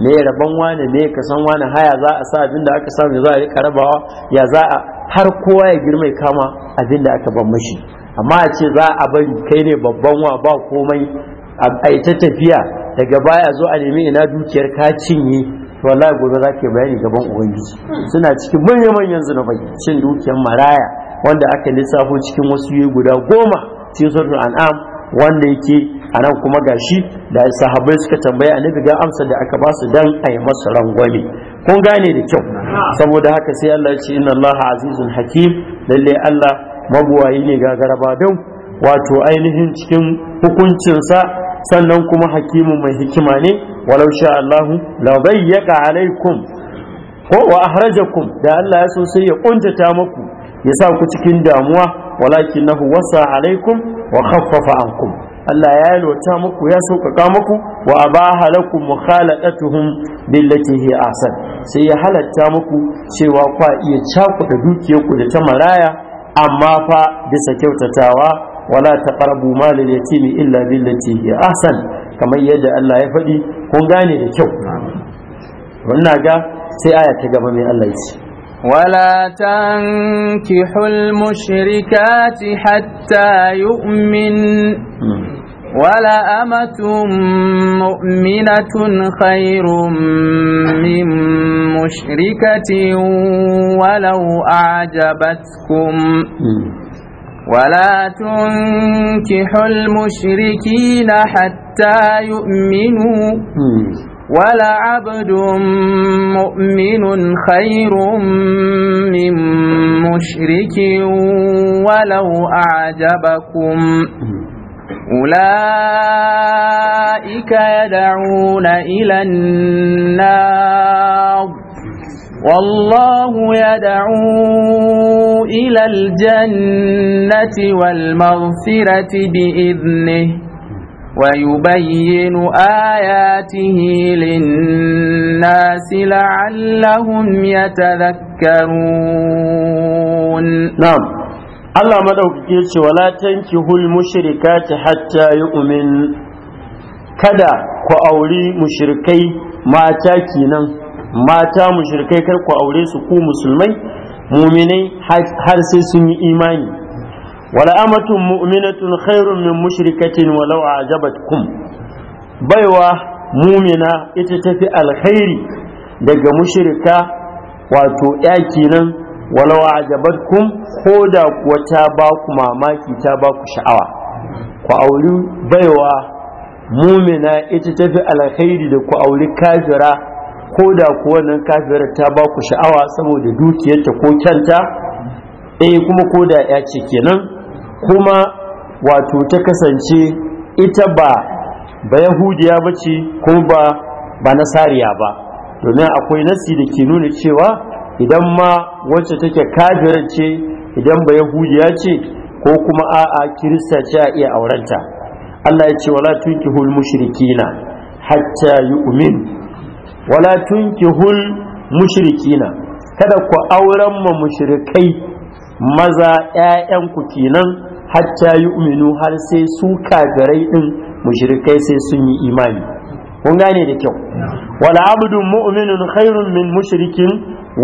me rabon wani me ka san wani haya za a sa abin da aka samu za a rika rabawa ya za a har kowa ya girma kama abin da aka ban mashi amma a ce za a bari kai ne babban wa ba komai a ta tafiya daga baya zo a nemi ina dukiyar ka cinye wallahi gobe za ka bayani gaban ubangiji suna cikin manya-manyan zunubai cin dukiyar maraya wanda aka lissafo cikin wasu guda goma cikin an an'am wanda yake a nan kuma gashi da sahabbai suka tambaya annabi ga amsa da aka ba su dan a yi masa rangwame kun gane da kyau saboda haka sai Allah ya ce inna Allah azizun hakim lalle Allah mabuwayi ne ga garaba don wato ainihin cikin hukuncinsa sannan kuma hakimin mai hikima ne walau sha Allahu la bayyaka alaikum ko wa ahrajakum da Allah ya so sai ya kuntata muku ya sa ku cikin damuwa walakin nahu wasa alaikum wa khaffafa ankum Allah ya lota muku ya sauƙaƙa muku wa abaha lakum mukhalaqatuhum billati hi asan. sai ya halatta muku cewa kwa iya cakuɗa dukiyarku da ta maraya amma fa bisa kyautatawa wala taqrabu ya yatimi illa billati hi asan. kamar yadda Allah ya faɗi kun gane da kyau wannan ga sai aya ta gaba mai Allah ya ce ولا تنكحوا المشركات حتى يؤمن ولأمة مؤمنة خير من مشركة ولو أعجبتكم ولا تنكحوا المشركين حتى يؤمنوا ولعبد مؤمن خير من مشرك ولو أعجبكم أولئك يدعون إلى النار والله يدعو إلى الجنة والمغفرة بإذنه ويبين آياته للناس لعلهم يتذكرون نعم الله مدعوك يقول ولا تنكه المشركات حتى يؤمن kada ku auri mushrikai mata kenan mata mushrikai kar ku aure su ku musulmai muminai har sai sun yi imani wala amatun mu'minatun khairun min mushrikatin walau a'jabatkum baiwa mumina ita tafi alkhairi daga mushrika wato ya kenan walau a'jabatkum ko da kuwa ta ba ku mamaki ta ba ku sha'awa ku auri baiwa mumina ita tafi alkhairi da ku auri kafira ko da kuwa kafira ta ba ku sha'awa saboda dukiyarta ko kanta, eh kuma ko da ya ce kenan kuma wato ta kasance ita ba ba yahudiya ba ce ko ba ba nasariya ba domin akwai nasi da ke nuna cewa idan ma wacce take kafirar ce idan ba yahudiya ce ko kuma a'a kirista ce a iya aurenta Allah ya ce wala tunkihul mushrikina hatta yu'min wala tunkihul mushrikina kada ku auren ma mushrikai maza 'ya'yanku kenan hatta yi yu'minu har sai su kafirai din mushrikai sai sun yi imani kun gane da kyau wala abdun mu'minun khairun min mushrikin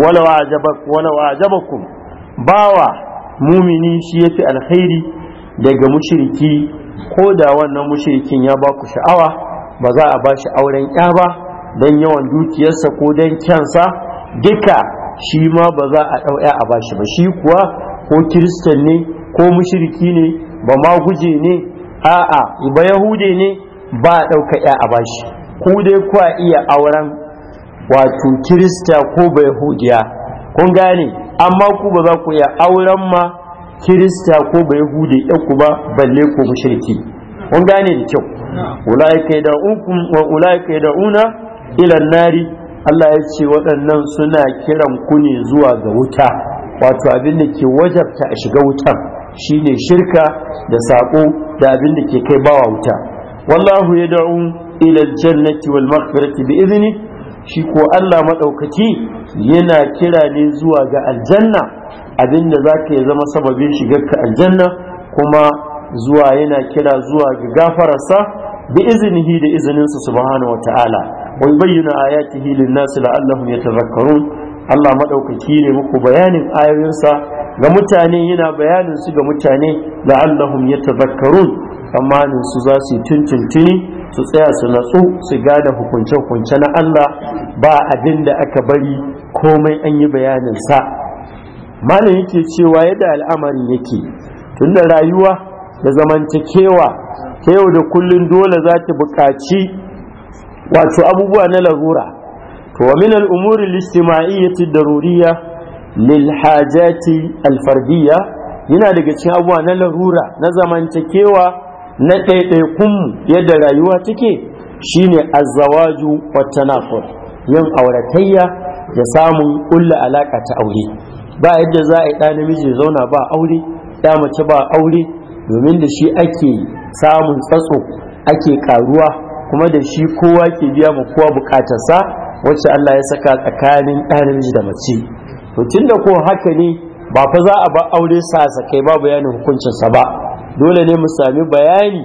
wala wajabak wala wajabakum bawa mumini shi yafi alkhairi daga mushriki ko da wannan mushrikin ya ba ku sha'awa ba za a ba shi auren ya ba dan yawan dukiyarsa ko dan kyansa duka shi ma ba za a ɗauya a ba shi ba shi kuwa ko kiristan ne ko mushriki ne ba ma guje ne a'a ba yahude ne ba a ɗauka ya a bashi ku dai kuwa iya auren wato kirista ko ba yahudiya kun gane amma ku ba za ku iya auren ma kirista ko ba yahude ya ku ba balle ko mushriki kun gane da kyau ulaika ukum wa ulaika una ila nari Allah ya ce waɗannan suna kiran ku ne zuwa ga wuta wato abin da ke wajabta a shiga wutan shine shirka da saƙo da abin da ke kai bawa wuta wallahu ya da'u ila jannati wal maghfirati bi izini. shi ko Allah madaukaki yana kira ne zuwa ga aljanna abin da zaka ya zama sababin ka aljanna kuma zuwa yana kira zuwa ga gafararsa bi iznihi da izininsa subhanahu wataala wa yubayyinu ayatihi lin-nasi ya yatadhakkarun Allah madaukaki ne muku bayanin ayoyinsa ga mutane yana bayanin su ga mutane la'allahum yatadhakkarun kamanin su za su tuntuntuni su tsaya su natsu su gane hukunce-hukunce na Allah ba abin da aka bari komai an yi bayanin sa malam yake cewa yadda al'amarin yake tunda rayuwa da zamantakewa ta yau da kullun dole za ta buƙaci wato abubuwa na larura to wa min al'umuri ijtima'iyyati daruriyya lil hajati alfardiyya yana daga cikin abubuwa na larura na zamantakewa na kun mu yadda rayuwa take shine azzawaju wa tanaqud yin auratayya da samun ƙulla alaƙa ta aure ba yadda za a yi ɗa namiji da zauna ba aure ɗa mace ba aure domin da shi ake samun tsatso ake ƙaruwa. kuma da shi kowa ke biya ma kowa sa wacce Allah ya saka tsakanin ɗa namiji da mace to tunda ko haka ne ba fa za a ba aure sa kai ba bayanin hukuncinsa ba dole ne mu sami bayani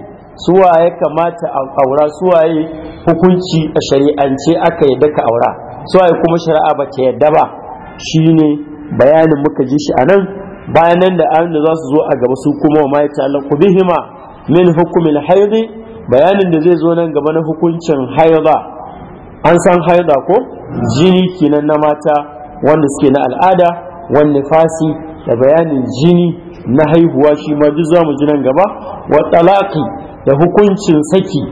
suwa ya kamata a aura suwaye hukunci a shari'ance aka yadda ka aura suwaye kuma shari'a ba ta yadda ba shine bayanin muka ji shi anan bayan nan da an da za su zo a gaba su kuma ma ya bihima min hukumin haidi bayanin da zai zo nan gaba na hukuncin haida an san haida ko jini kenan na mata wanda suke na al'ada wanda fasi da bayanin jini na haihuwa shi ma duk zamu ji nan gaba wa talaqi da hukuncin saki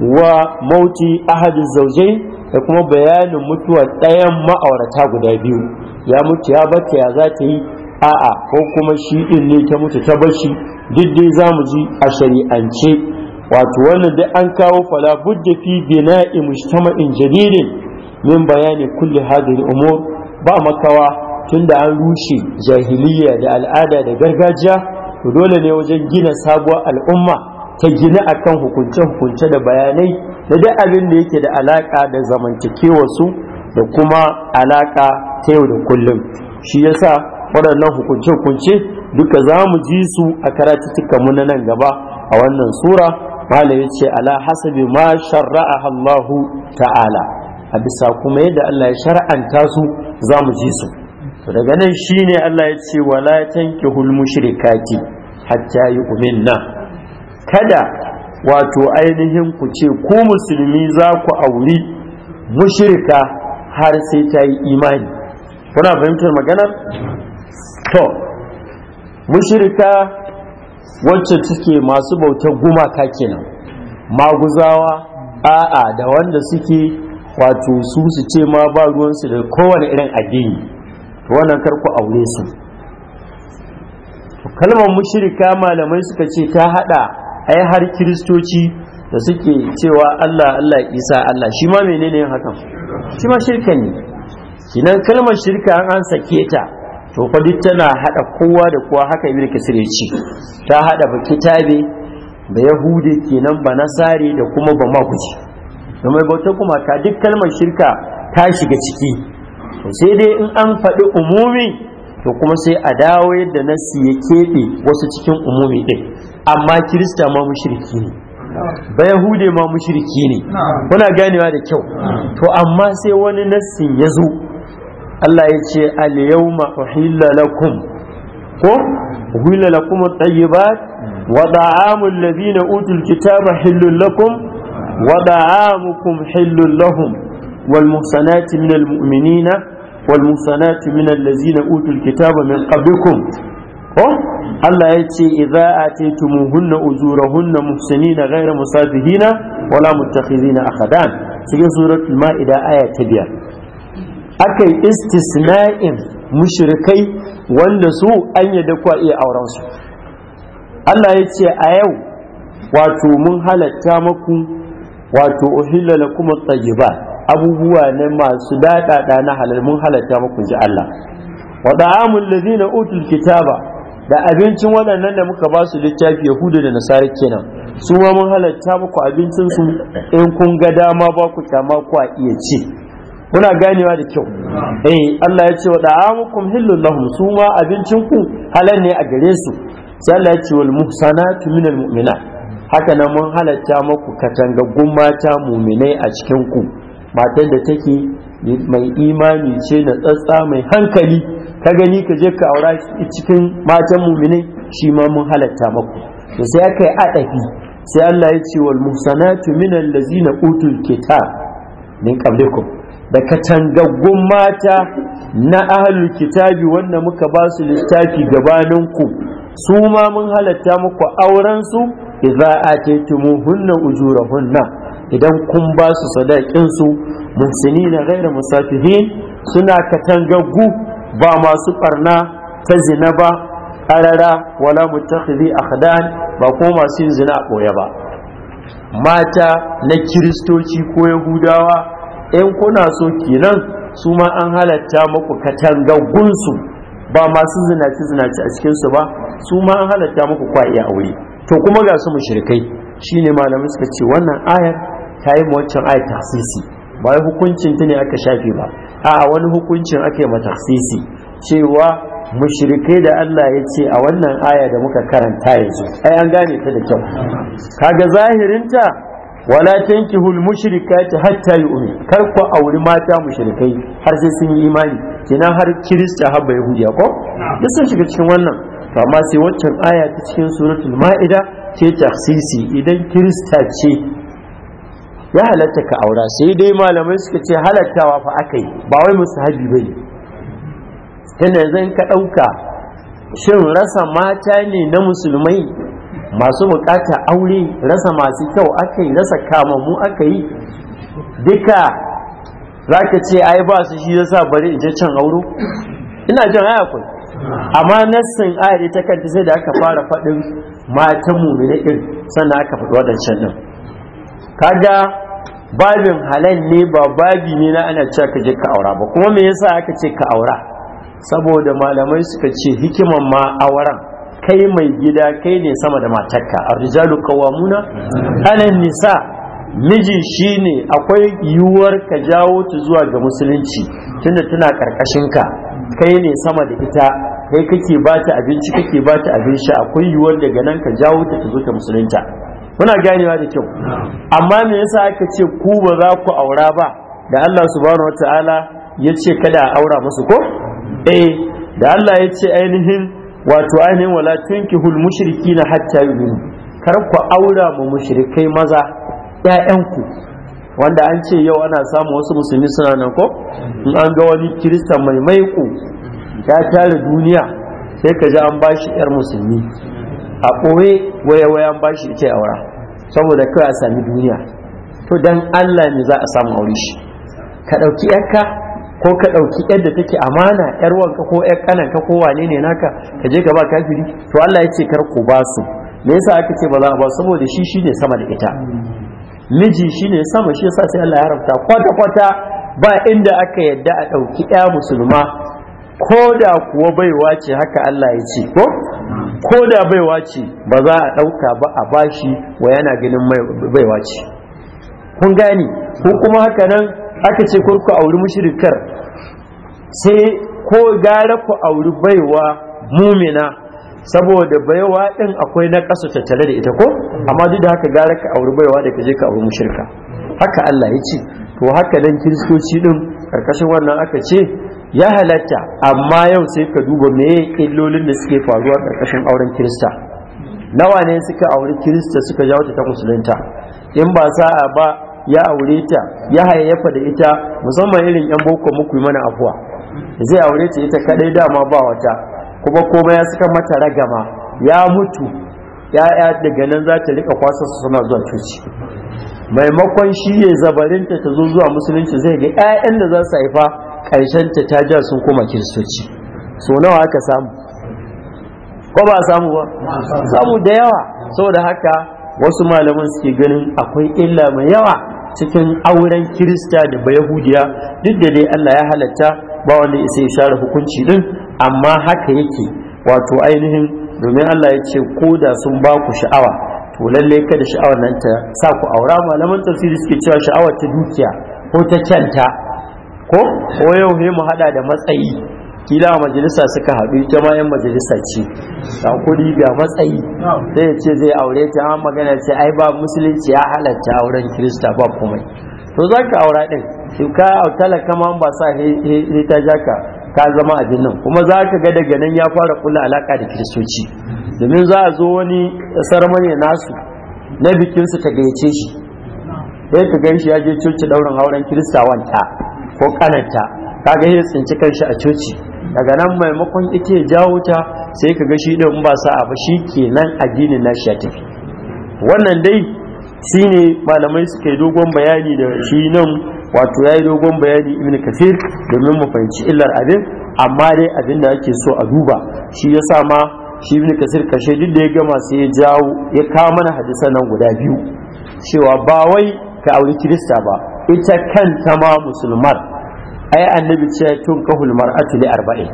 wa mauti ahadi zaujai da kuma bayanin mutuwa ɗayan ma'aurata guda biyu ya mutu ya bata ya za ta yi a'a ko kuma shi din ne ta mutu ta bashi duk dai zamu ji a shari'ance wato wannan dai an kawo fala budda fi bina'i mujtama'in jadidin min bayani kulli hadhihi umur ba makawa tunda an rushe jahiliya da al'ada da gargajiya to dole ne wajen gina sabuwar al'umma ta gina akan hukunce-hukunce da bayanai da dai abin da yake da alaka da zamantakewa su da kuma alaka ta yau da kullum shi yasa waɗannan hukunce-hukunce duka za mu ji su a mu na nan gaba a wannan sura malam ya ce ala hasabi ma shara'a Allahu ta'ala a bisa kuma yadda Allah ya shar'anta su za mu ji su to daga nan shine Allah ya ce wala tankihul mushrikati hatta yu'minna kada wato ainihin ku ce ku musulmi za ku auri mushrika har sai ta yi imani kuna fahimtar magana to mushrika wacce take masu bautar gumaka kenan maguzawa a'a da wanda suke wato su su ce ma ba ruwansu da kowane irin addini to wannan karku aure su kalmar mushrika malamai suka ce ta hada ai har kiristoci da suke cewa Allah Allah Isa Allah shi ma menene hakan shi ma shirka ne kinan kalmar shirka an sake ta to fa duk tana hada kowa da kowa haka ibn kasir ta hada ba kitabe ba yahudi kenan ba nasari da kuma ba maguji da mai bauta gumaka duk kalmar shirka ta shiga ciki sai dai in an faɗi umumi to kuma sai a dawo yadda nasi ya keɓe wasu cikin umumi ɗin amma kirista ma mushriki ne ba yahude ma mushriki ne kuna ganewa da kyau to amma sai wani nassin ya zo Allah ya ce al-yawma uhilla lakum ko uhilla lakum at-tayyibat wa da'amul ladina utul kitaba hillul lakum وطعامكم حل لهم والمحصنات من المؤمنين والمحصنات من الذين أوتوا الكتاب من قبلكم Allah ya ce idza ataytumuhunna ujurahunna muhsinina ghayra musafihina wala muttakhizina akhadan cikin suratul maida aya ta biyar akai istisna'in mushrikai wanda su an yadda kwa iya auren Allah ya ce a yau wato mun halatta maku wato uhilla kuma kuma tsayiba abubuwa ne masu daɗaɗa na halal mun halatta muku ji Allah wa da'amul ladina utul kitaba da abincin waɗannan da muka ba su littafi yahudu da nasara kenan su ma mun halatta muku abincin su in kun ga dama ba ku kyama ku a iya ci kuna ganewa da kyau eh Allah ya ce wa da'amukum hillul lahum su ma abincin ku halal ne a gare su sai Allah ya ce wal muhsanatu minal mu'minat haka nan mun halatta maku katangaggun mata muminai a cikin ku matar da take mai imani ce na tsatsa mai hankali ka gani ka je ka aura cikin matan muminai shi ma mun halatta maku to sai aka yi adafi sai Allah ya ce wal muhsanatu minal ladzina utul kitab min qablikum da katangaggun mata na ahlul kitabi wanda muka ba su littafi gabaninku su ma mun halatta muku su. idza ataytumuhunna ujurahunna idan kun ba su sadakin su na ghayra musafihin suna katangaggu ba masu barna ta zina ba arara wala mutakhidhi akhdan ba ko masu yin zina koya ba mata na kiristoci ko yahudawa in kuna so kenan su ma an halatta muku katangagun su ba masu zinace zinace a cikin su ba su ma an halatta muku kwa iya aure to kuma ga su mushrikai shine malamin suka ce wannan ayar ta yi wancan ayar tasisi ba hukuncin ta ne aka shafe ba a wani hukuncin aka yi mata tasisi cewa mushrikai da Allah ya ce a wannan aya da muka karanta yanzu ai an gane ta da kyau kaga zahirinta wala tankihul mushrikati hatta yu'min kar ku auri mata mushrikai har sai sun yi imani kina har kirista har bai hudiya ko duk sun shiga cikin wannan amma sai waccan aya ta cikin suratul ma'ida ce taksisi idan kirista ce ya halatta ka aura sai dai malamai suka ce halattawa fa aka yi ba wai musu haji bai tana zan ka ɗauka shin rasa mata ne na musulmai masu bukata aure rasa masu kyau aka yi rasa kamammu aka yi duka za ka ce ai ba su shi yasa bari in je can auro ina jan haya amma nassin ayar ta kanta sai da aka fara faɗin matan mumina ɗin sannan aka faɗi waɗancan ɗin kaga babin halal ne ba babi ne na ana cewa ka je ka aura ba kuma me yasa aka ce ka aura saboda malamai suka ce hikiman ma auren kai mai gida kai ne sama da matarka arrijalu kawamuna halan nisa miji shi ne akwai yiwuwar ka jawo ta zuwa ga musulunci tunda tana ka kai ne sama da ita kai kake ba ta abinci kake ba ta abin sha akwai yiwuwar daga nan ka jawo ta ta zo ta musulunta kuna ganewa da kyau amma me yasa aka ce ku ba za ku aura ba da Allah subhanahu wataala ya ce kada a aura musu ko eh da Allah ya ce ainihin wato ainihin wala tunkihul mushrikina hatta yu'minu kar ku aura mu mushrikai maza ƴaƴanku wanda an ce yau ana samu wasu musulmi suna nan ko in an ga wani kirista mai maiku ya tara duniya sai ka ji an bashi yar musulmi a ɓoye waya waya an bashi ita aura saboda kawai a sami duniya to dan Allah ne za a samu aure shi ka ɗauki yarka ko ka ɗauki yadda take amana yar wanka ko yar kananka ko wane ne naka ka je ka ba kafiri to Allah ya ce kar ku ba su me yasa aka ce ba za a ba saboda shi shine sama da ita miji shine sama shi yasa sai Allah ya rafta kwata kwata ba inda aka yadda a ɗauki ya musulma ko da kuwa baiwa ce haka Allah ya ce ko ko da baiwa ce ba za a ɗauka ba a bashi wa yana ganin baiwa ce kun gani ko kuma haka nan aka ce ku auri mushrikar sai ko gara ku auri baiwa mumina saboda baiwa din akwai na ƙasa tattare da ita ko amma duk da haka gara ka auri baiwa da kaje ka auri mushrika haka Allah ya ce to haka nan kiristoci din karkashin wannan aka ce ya halatta amma yau sai ka duba me illolin da suke faruwa ƙarƙashin auren kirista nawa ne suka auri kirista suka jawo ta musulunta in ba sa'a ba ya aure ta ya hayayyafa da ita musamman irin yan boko muku mana afuwa zai aure ta ita kadai dama ba wata kuma kuma ya suka mata ragama ya mutu ya'ya daga nan za ta rika kwasa su suna zuwa coci maimakon shi ya zabarinta ta zo zuwa musulunci zai ga 'ya'yan da za su haifa ƙarshen ta ta ja sun koma kiristoci so nawa aka samu ko ba samu ba samu da yawa saboda haka wasu malaman suke ganin akwai illa mai yawa cikin auren kirista da bayahudiya duk da dai Allah ya halatta ba wanda isa ya share hukunci din amma haka yake wato ainihin domin Allah ya ce ko da sun ba ku sha'awa to lallai kada sha'awar nan ta sa ku aura malaman tafsiri suke cewa sha'awar ta dukiya ko ta canta ko ko yau mu hada da matsayi kila majalisa suka haɗu ita ma yan majalisa ce ta kudi ga matsayi ya ce zai aure ta an magana ce ai ba musulunci ya halatta auren kirista ba kuma to za ka aura din ka autala kama ba sa he ta jaka ka zama a nan kuma za ka ga daga nan ya fara kula alaka da kiristoci domin za a zo wani sarmanya nasu na bikinsu ta gayyace shi sai ka gan shi ya je coci daurin auren kirista wanta ko kananta kaga ya tsinci kanshi a coci daga nan maimakon ita jawo ta sai ka ga shi da ba sa abu shi kenan addinin na ya tafi wannan dai ne malamai suka yi dogon bayani da shi nan wato ya yi dogon bayani ibn kafir domin mu fahimci illar abin amma dai abin da ake so a duba shi ya sa ma shi ibn kasir kashe duk da ya gama sai ya jawo ya kawo mana hadisan nan guda biyu cewa ba wai ka auri kirista ba ita kanta ma musulmar ai annabi ce tun kahul mar'atu li arba'in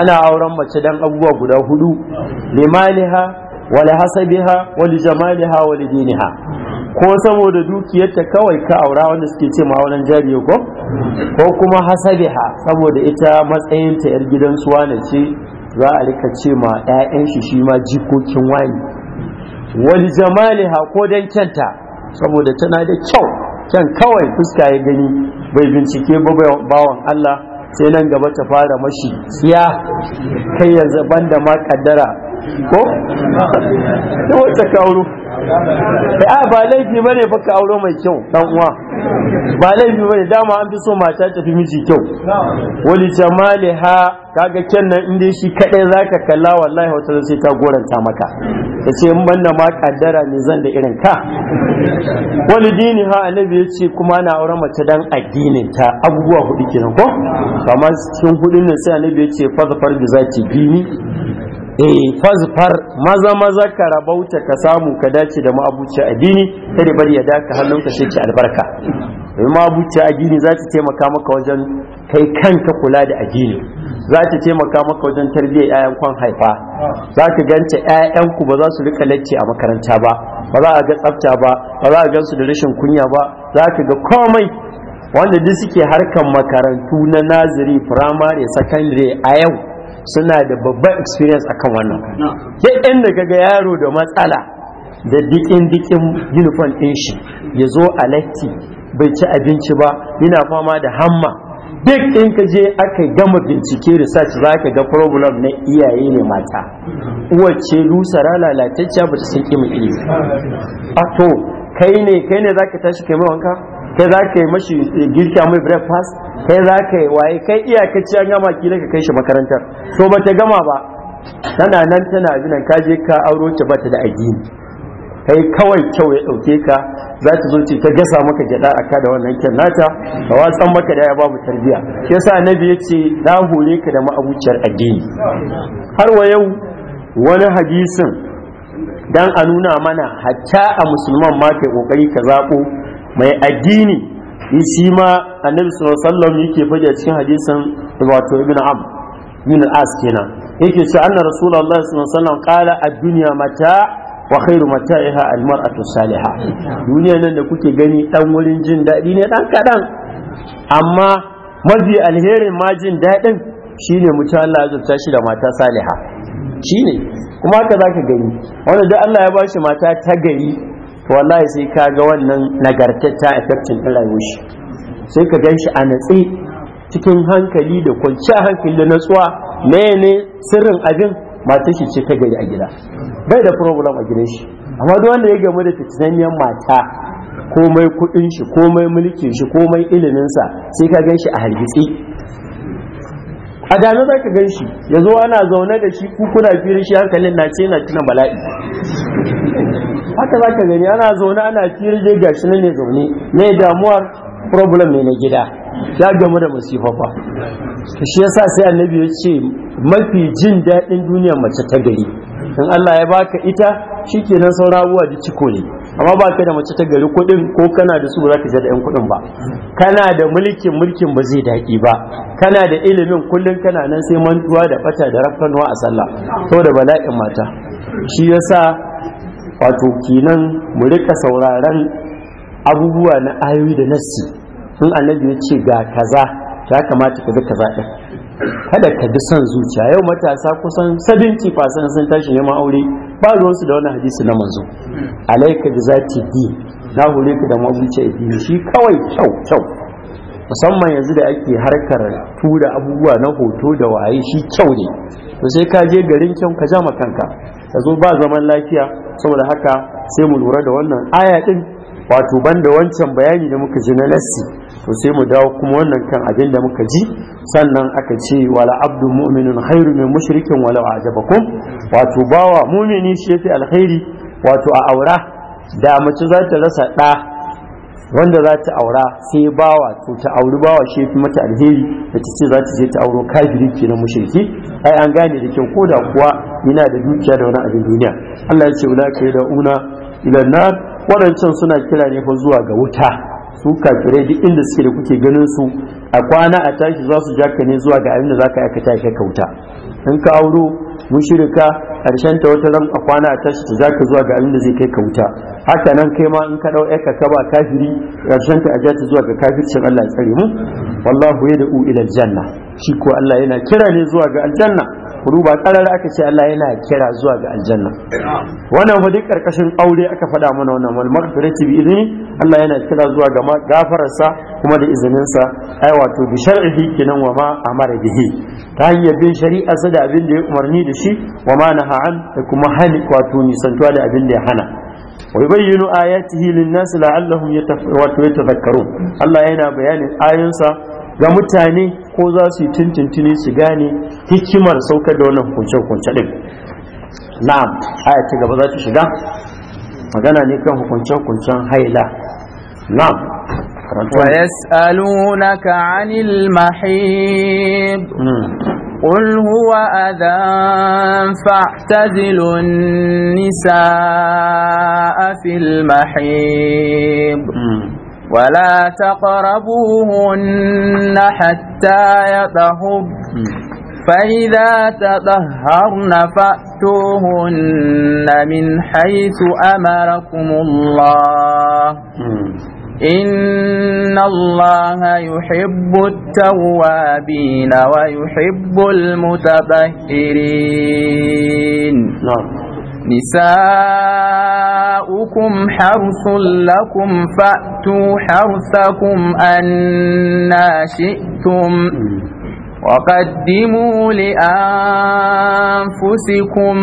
ana auren mace dan abubuwa guda hudu limaliha wa li hasabiha wa li jamaliha wa li diniha ko saboda dukiyarta kawai ka aura wanda suke ce auren jariya ko ko kuma hasabiha saboda ita matsayin ta yar gidan suwa ne ce za a rika ce ma 'ya'yan shi shi ma jikokin wani wani jamaliha ko dan kyanta saboda tana da kyau can kawai fuska ya gani bai bincike ba bawan Allah sai nan gaba ta fara mashi Ya kai yanzu banda ma kaddara ko ta wacce ka auro da eh, a ba laifi bane fa ka auro mai kyau dan uwa ba laifi bane dama an fi so mata ta fi miji kyau wali jamaliha kaga kennan in dai shi kadai zaka kalla wallahi wata sai ta goranta maka ta ce in banna ma kaddara ne zan da irin ka wani dini ha annabi yace kuma na auren mace dan addinin ta abubuwa hudu kenan ko kamar cikin hudun nan sai annabi yace ce fazafar da zaki dini eh fazfar maza maza ka rabauta ka samu ka dace da ma'abuci addini kada bari ya daka hannun ka ci albarka domin ma'abuci addini za ta taimaka maka wajen kai kanka kula da addini za ta taimaka maka wajen tarbiyyar 'ya'yan kwan haifa za ka ganta 'ya'yanku ba za su rika lacce a makaranta ba ba za a ga tsafta ba ba za a gansu da rashin kunya ba za ka ga komai wanda duk suke harkan makarantu na naziri firamare sakandare a yau suna da babban experience akan wannan duk inda kaga yaro da matsala da dikin dikin uniform din shi ya zo a latti bai ci abinci ba yana fama da hamma duk in ka je aka gama bincike research za ka ga problem na iyaye ne mata wacce lusara lalatacciya ba ta san kimin ilimi a kai ne kai ne za ka tashi kai wanka kai za ka yi mashi eh, girka mai breakfast kai za ka yi waye kai iyakaci an gama kila ka kai shi makarantar so ba ta gama ba tana nan tana abinan ka je ka auro ta bata da addini kai kawai kyau ya ɗauke ka za ta zo ce ta gasa maka gyaɗa a ka da wannan kyan nata ka watsan maka da ya babu tarbiya Ya sa na ya ce na hore ka da ma'abuciyar addini har wa yau wani hadisin dan a nuna mana hatta a musulman ma yi kokari ka zako mai addini in shi ma annabi sallallahu alaihi wasallam yake faɗi a cikin hadisin wato ibn am min as kenan yake cewa anna rasulullahi sallallahu alaihi wasallam qala ad-dunya mata wa khairu mata'iha al-mar'atu salihah duniya nan da kuke gani dan wurin jin daɗi ne dan kadan amma mafi alherin ma jin daɗin shine mutum Allah ya zubta shi da mata saliha shine kuma haka zaka gani wanda duk Allah ya bashi mata ta gari to wallahi sai ka ga wannan nagartatta effectin ɗin rayuwar shi sai ka gan shi a natsi cikin hankali da kwanciyar hankali da natsuwa mene sirrin abin mata shi ce ta gari a gida bai da problem a gidan shi amma duk wanda ya gamu da fitinanniyar mata komai kuɗin shi komai mulkin shi komai iliminsa sai ka gan shi a hargitsi a dame za ka gan shi ya zo ana zaune da shi kukuna firin shi hankalin na ce na tuna bala'i haka za ka gani ana zaune ana firin dai gashi nan ne zaune mai damuwar problem ne na gida ya gamu da masifafa. shi yasa sai annabi ya ce mafi jin daɗin duniya mace ta gari in Allah ya baka ita shikenan sauran abubuwa da ciko ne amma ba ka da mace ta gari kuɗin ko kana da su ba za ka da 'yan kuɗin ba kana da mulkin mulkin ba zai daɗi ba kana da ilimin kullum kana nan sai mantuwa da bata da rafanwa a sallah saboda bala'in mata shi yasa wato kinan mu rika sauraron abubuwa na ayoyi da nassi in annabi ya ce ga kaza ya kamata ka bi kaza ɗin kada ka bi son zuciya yau matasa kusan 70% sun tashi neman aure ba ruwansu da wani hadisi na manzo alaika bi zati di na hore da mabuce addini shi kawai kyau kyau musamman yanzu da ake harkar tura abubuwa na hoto da waye shi kyau ne to sai ka je garin kyau ka jama kanka ka zo ba zaman lafiya saboda haka sai mu lura da wannan aya din wato banda wancan bayani da muka ji na nassi to sai mu dawo kuma wannan kan abin da muka ji sannan aka ce wala abdu mu'minun khairu min mushrikin wala ajabakum wato bawa mu'mini shi yafi alkhairi wato a aura da mace za ta rasa ɗa wanda za ta aura sai bawa to ta auri bawa shi yafi mata alheri da ta ce za ta je ta auro kafiri kenan mushriki ai an gane da kyau ko da kuwa yana da dukiya da wani abin duniya Allah ya ce ulaka da una ila nar wadancan suna kira ne fa zuwa ga wuta su kafirai duk inda suke da kuke ganin su a kwana a tashi za su jaka ne zuwa ga abin da za ka yi ka kauta in ka auro mushirika karshen ta wata ran a kwana a tashi ta jaka zuwa ga abin da zai kai kauta haka nan kai ma in ka dau ka kaba kafiri karshen ta jata zuwa ga kafircin Allah ya tsare mu wallahu ya da'u ila aljanna shi ko Allah yana kira ne zuwa ga aljanna kuru ba karar aka ce Allah yana kira zuwa ga aljanna wannan fa duk karkashin aure aka faɗa mana wannan wal maghfirati bi Allah yana kira zuwa ga gafararsa kuma da izininsa ai wato bi shar'ihi kinan wa ma amara bihi ta hanyar bin shari'a sa da abin da ya umarni da shi wa ma naha an da kuma hani wato nisantuwa da abin da ya hana wa yubayyinu ayatihi lin-nas la'allahum yatafakkarun Allah yana bayanin ayansa ga mutane ko za su yi tuntuntuni su gane hikimar saukar da wannan hukunce-hukunce din na'am aya ta gaba za ta shiga magana ne kan hukunce-hukuncen haila na'am ويسألونك عن المحيض قل هو أذى فاعتزلوا النساء في المحيض ولا تقربوهن حتى يطهر فإذا تطهرن فأتوهن من حيث أمركم الله إن الله يحب التوابين ويحب المتطهرين نعم نساؤكم حرث لكم فأتوا حرثكم أنا شئتم وقدموا لأنفسكم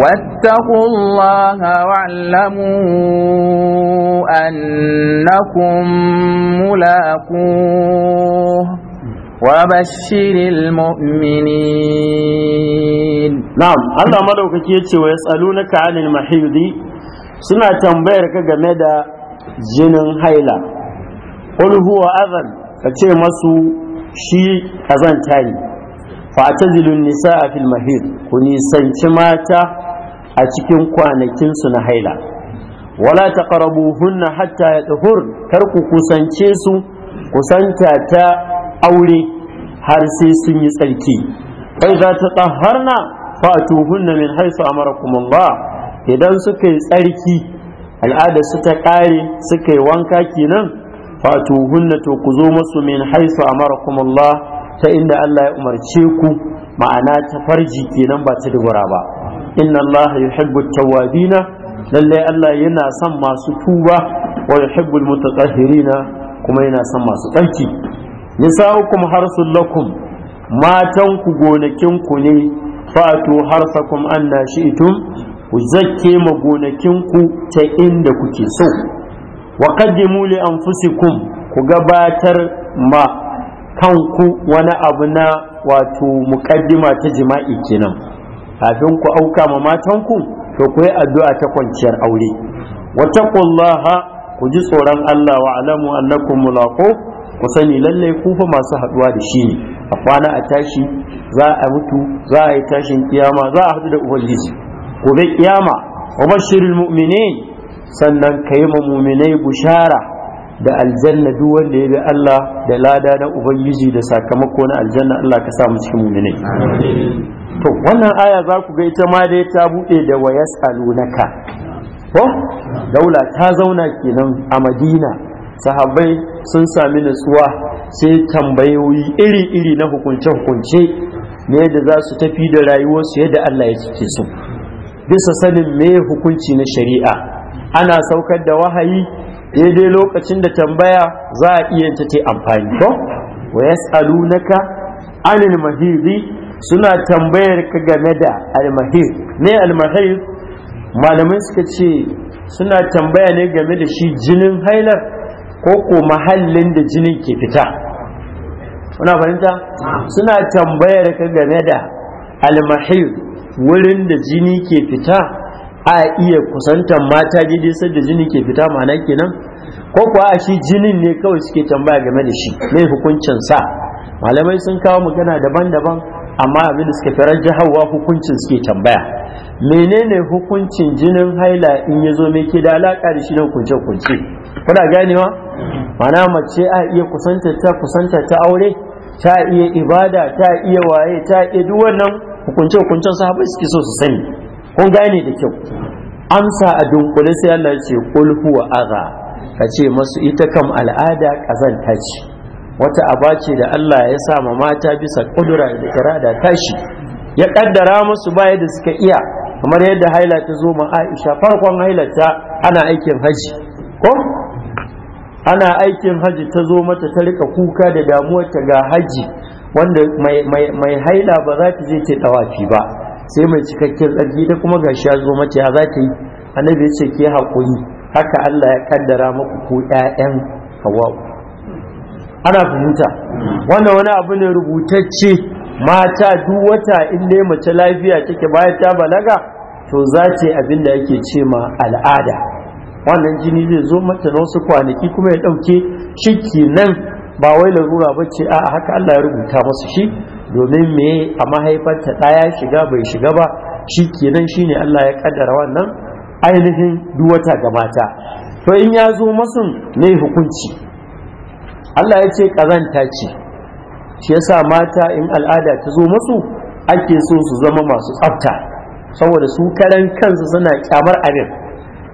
واتقوا الله واعلموا أنكم ملاقوه وبشر Na'am, نعم الله ya ce wa yasalunaka anil mahidi suna tambayar ka game da jinin haila qul huwa ka kace masu shi kazanta ne fa'tazilun nisaa fil mahid ku nisanci mata a cikin kwanakin su na haila wala taqrabuhunna hatta yadhur kar ku kusance su kusanta ta aure har sai sun yi tsarki bai za ta tsaharna tuhunna min haisu Allah idan suka yi tsarki al'ada su ta ƙare suka yi wanka kenan fa tuhunna to ku zo masu min haisu Allah ta inda Allah ya umarce ku ma'ana ta farji kenan ba ta dubura ba inna Allah yuhibbu tawwabina lallai Allah yana son masu tuba wa yuhibbul mutatahhirina kuma yana son masu tsarki nisa'ukum harsul lakum matan ku gonakin ku ne fatu harsakum anna shi'tum ku zakke ma gonakin ku ta inda kuke so wa qaddimu li anfusikum ku gabatar ma kanku wani abu na wato muqaddima ta jima'i kenan kafin ku auka ma matan ku to ku yi addu'a ta kwanciyar aure wa taqullaha ku ji tsoron Allah wa alamu annakum mulaqu ku sani lallai kufa masu haduwa da shi ne a kwana a tashi za a mutu za a yi tashin kiyama za a haɗu da ubangiji gobe kiyama wa bashirul mu'minin sannan kai ma mu'minai bushara da aljanna duk wanda ya bi Allah da lada na ubangiji da sakamako na aljanna Allah ka sa mu cikin mu'minai to wannan aya za ku ga ita ma dai ta buɗe da wayas lunaka. ko daula ta zauna kenan a Madina sahabbai sun sami nutsuwa sai tambayoyi iri-iri na hukunce-hukunce ne da za su tafi da rayuwarsu yadda Allah ya cike su bisa sanin me hukunci na shari'a ana saukar da wahayi daidai lokacin da tambaya za a iya ta ce amfani ko wa anil mahidi suna tambayar ka game da almahid me almahid malamai suka ce suna tambaya ne game da shi jinin hailar ko ko mahallin da jinin ke fita kuna fahimta suna tambayar ka game da almahil wurin da jini ke fita a iya kusantar mata daidai da jini ke fita mana kenan ko ko a shi jinin ne kawai suke tambaya game da shi mai hukuncin sa malamai sun kawo magana daban-daban amma abin da suka fi rajahawa hukuncin suke tambaya menene hukuncin jinin haila in ya zo mai ke da alaƙa da shi na kunce-kunce kuna ganewa mana mace a iya kusanta ta kusanta ta aure ta iya ibada ta iya waye ta iya duk wannan hukunce hukuncen sahabbai suke so su sani kun gane da kyau amsa a dunkule sai Allah ya ce qul huwa adha ka ce masu ita kam al'ada kazanta ce wata aba da Allah ya sa ma mata bisa kudura da irada tashi ya kaddara musu baya da suka iya kamar yadda haila ta zo ma Aisha farkon hailata ana aikin haji ko ana aikin haji ta zo mata ta rika kuka da damuwarta ga haji wanda mai haila ba za ta je ta dawafi ba sai mai cikakken tsarki ta kuma ga ya zo mata ya za ta yi annabi ya ce ke haƙuri haka Allah ya kaddara maku ko ƴaƴan hawa'u ana fahimta wannan wani abu ne rubutacce mata duk wata in dai mace lafiya take bayan ta balaga to za ta yi abin da yake ce ma al'ada wannan jini zai zo mata na wasu kwanaki kuma ya ɗauke shi nan ba wai larura ba ce a haka Allah ya rubuta masu shi domin me a mahaifarta ɗaya shiga bai shiga ba shi kenan shine Allah ya kaddara wannan ainihin duwata ga mata to in ya zo masu ne hukunci Allah ya ce ƙazanta ce shi yasa mata in al'ada ta zo masu ake so su zama masu tsafta saboda su karan kansu suna kyamar abin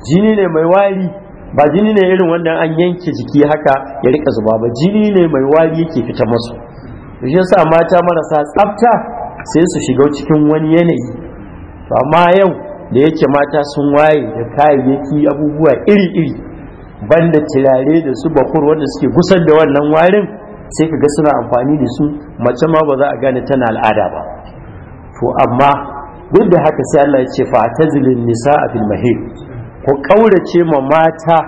jini ne mai wari ba jini ne irin wannan an yanke jiki haka ya rika zuba ba jini ne mai wari yake fita masu shi yasa mata marasa tsafta sai su shiga cikin wani yanayi to amma yau da yake mata sun waye da kayayyaki abubuwa iri-iri banda turare da su bakur wanda suke gusar da wannan warin sai ka ga suna amfani da su mace ma ba za a gane tana al'ada ba to amma duk da haka sai Allah ya ce fa tazilin nisa a fil ku ƙaurace ma mata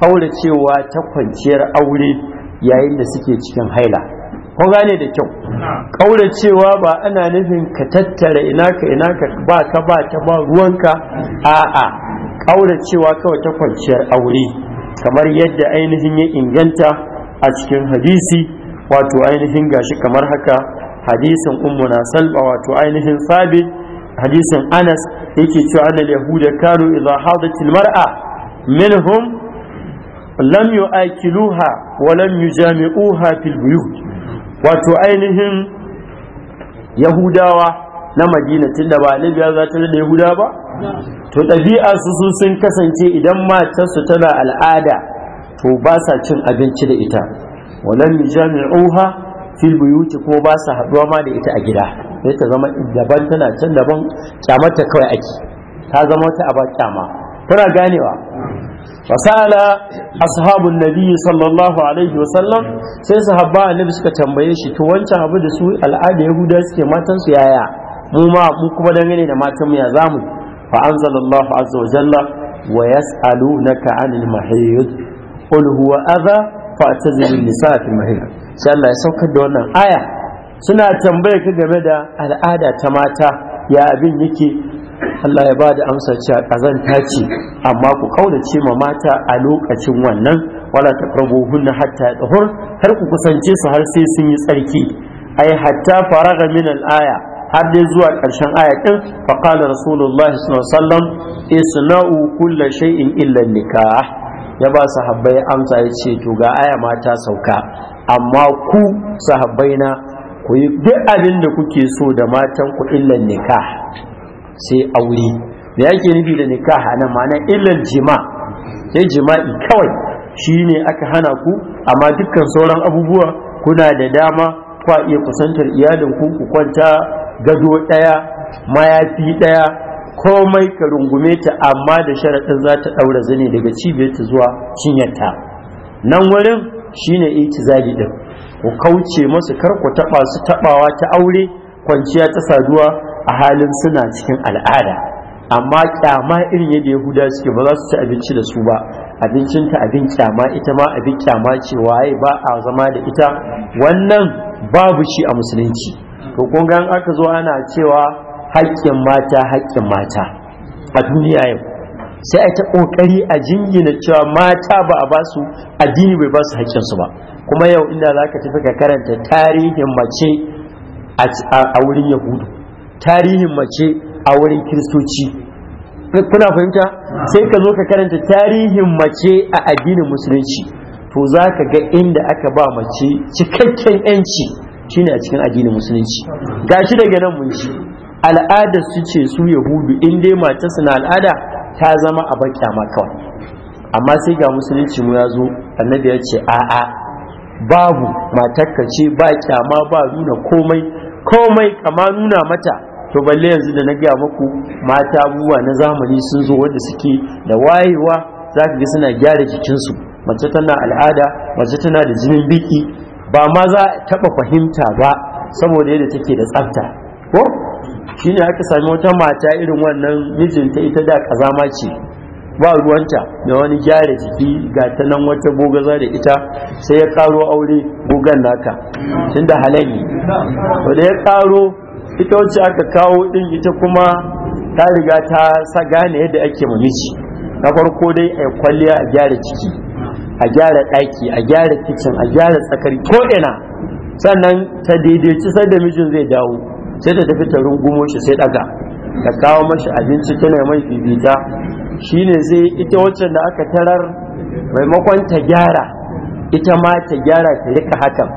ƙauracewa ta kwanciyar aure yayin da suke cikin haila kun gane da kyau ƙauracewa ba ana nufin ka tattara ina ka ina ka ba ka ba ta ba ruwanka a'a ƙauracewa kawai ta kwanciyar aure kamar yadda ainihin ya inganta a cikin hadisi wato ainihin gashi kamar haka hadisin na salba wato ainihin sabit hadisin anas yake cewa annal yahuda kanu idza hadatil mar'a minhum lam yu'akiluha wa lam yujami'uha fil buyut wato ainihin yahudawa na madina tunda ba alibiya za ta da yahuda ba to ɗabi'a su sun kasance idan su tana al'ada to ba sa cin abinci da ita walam yujami'uha fil buyut ko ba sa haɗuwa ma da ita a gida sai ta zama daban tana can daban ta kawai ake ta zama wata aba kyama tana ganewa wasala ashabun nabi sallallahu alaihi wasallam sai su sahabba annabi suka tambaye shi to wancan abu da su al'ada yahuda suke matansu su yaya mu ma mu kuma dangane da matan mu ya zamu fa anzalallahu azza wa jalla wa yas'alunaka anil mahiyud qul huwa adha fa tazilun nisa fil mahiyud sai Allah ya saukar da wannan aya suna tambaye ka game da al'ada ta mata ya abin yake Allah ya ba da amsa kazan ƙazanta ce amma ku kaunace ma mata a lokacin wannan wala ta hunna hatta tahur har ku kusance su har sai sun yi tsarki ai hatta faraga min aya har dai zuwa ƙarshen aya ɗin, fa qala rasulullahi sallallahu alaihi wasallam isna'u kullu shay'in illa nikah ya ba sahabbai amsa ya to ga aya mata sauka amma ku sahabbai na? ku yi duk abin da kuke so da matan ku illan nikah sai aure me yake nufi da nikah nan ma'ana illan jima sai jima'i kawai shine aka hana ku amma dukkan sauran abubuwa kuna da dama kwa iya kusantar iyalin ku ku kwanta gado daya mayafi daya komai ka rungume ta amma da sharaɗin za ta ɗaura zane daga cibiyar ta zuwa cinyarta nan wurin shine itizali ɗin. ku kauce masu kar ku su taɓawa ta aure kwanciya ta saduwa a halin suna cikin al'ada amma kyama irin yadda yahuda suke ba za su ci abinci da su ba Abincin ta abin kyama ita ma abin kyama ce waye ba a zama da ita wannan babu shi a musulunci to kun ga aka zo ana cewa haƙƙin mata haƙƙin mata a duniya yau sai a ta ƙoƙari a jingina cewa mata ba a basu addini bai basu haƙƙinsu ba kuma yau inda za ka tafi ka karanta tarihin mace a wurin yahudu tarihin mace a wurin kiristoci eh, kuna fahimta sai ka zo ka karanta tarihin mace a addinin musulunci to za ka ga inda aka ba mace cikakken yanci shine a cikin addinin musulunci gashi daga nan mun ci al'ada su ce su yahudu in dai mace suna al'ada ta zama a baƙya ma amma sai ga musulunci mu ya zo annabi ya ce a'a babu matakka ce ba kyama ba nuna komai komai kama nuna mata to balle yanzu da na gaya muku mata abubuwa na zamani sun zo wanda suke da wayewa za ga suna gyara jikinsu mace tana al'ada mace tana da jinin biki ba ma za taɓa fahimta ba saboda yadda take da tsafta ko shine aka sami wata mata irin wannan mijinta ita da kazama ce ba ruwanta da wani gyara jiki ga ta nan wata gogaza da ita sai ya karo aure gogan naka da halayi ne? ya karo ita wacce aka kawo din ita kuma ta riga ta sa gane yadda ake mamici na farko dai a kwalliya a gyara ciki a gyara ɗaki a gyara kicin a gyara tsakari ko ina sannan ta daidaici sai da mijin zai dawo sai ta tafi ta rungumo shi sai daga ta kawo mashi abinci tana mai bibita Shi ne zai ita wacce da aka tarar maimakon ta gyara ita ma ta gyara ta rika hakan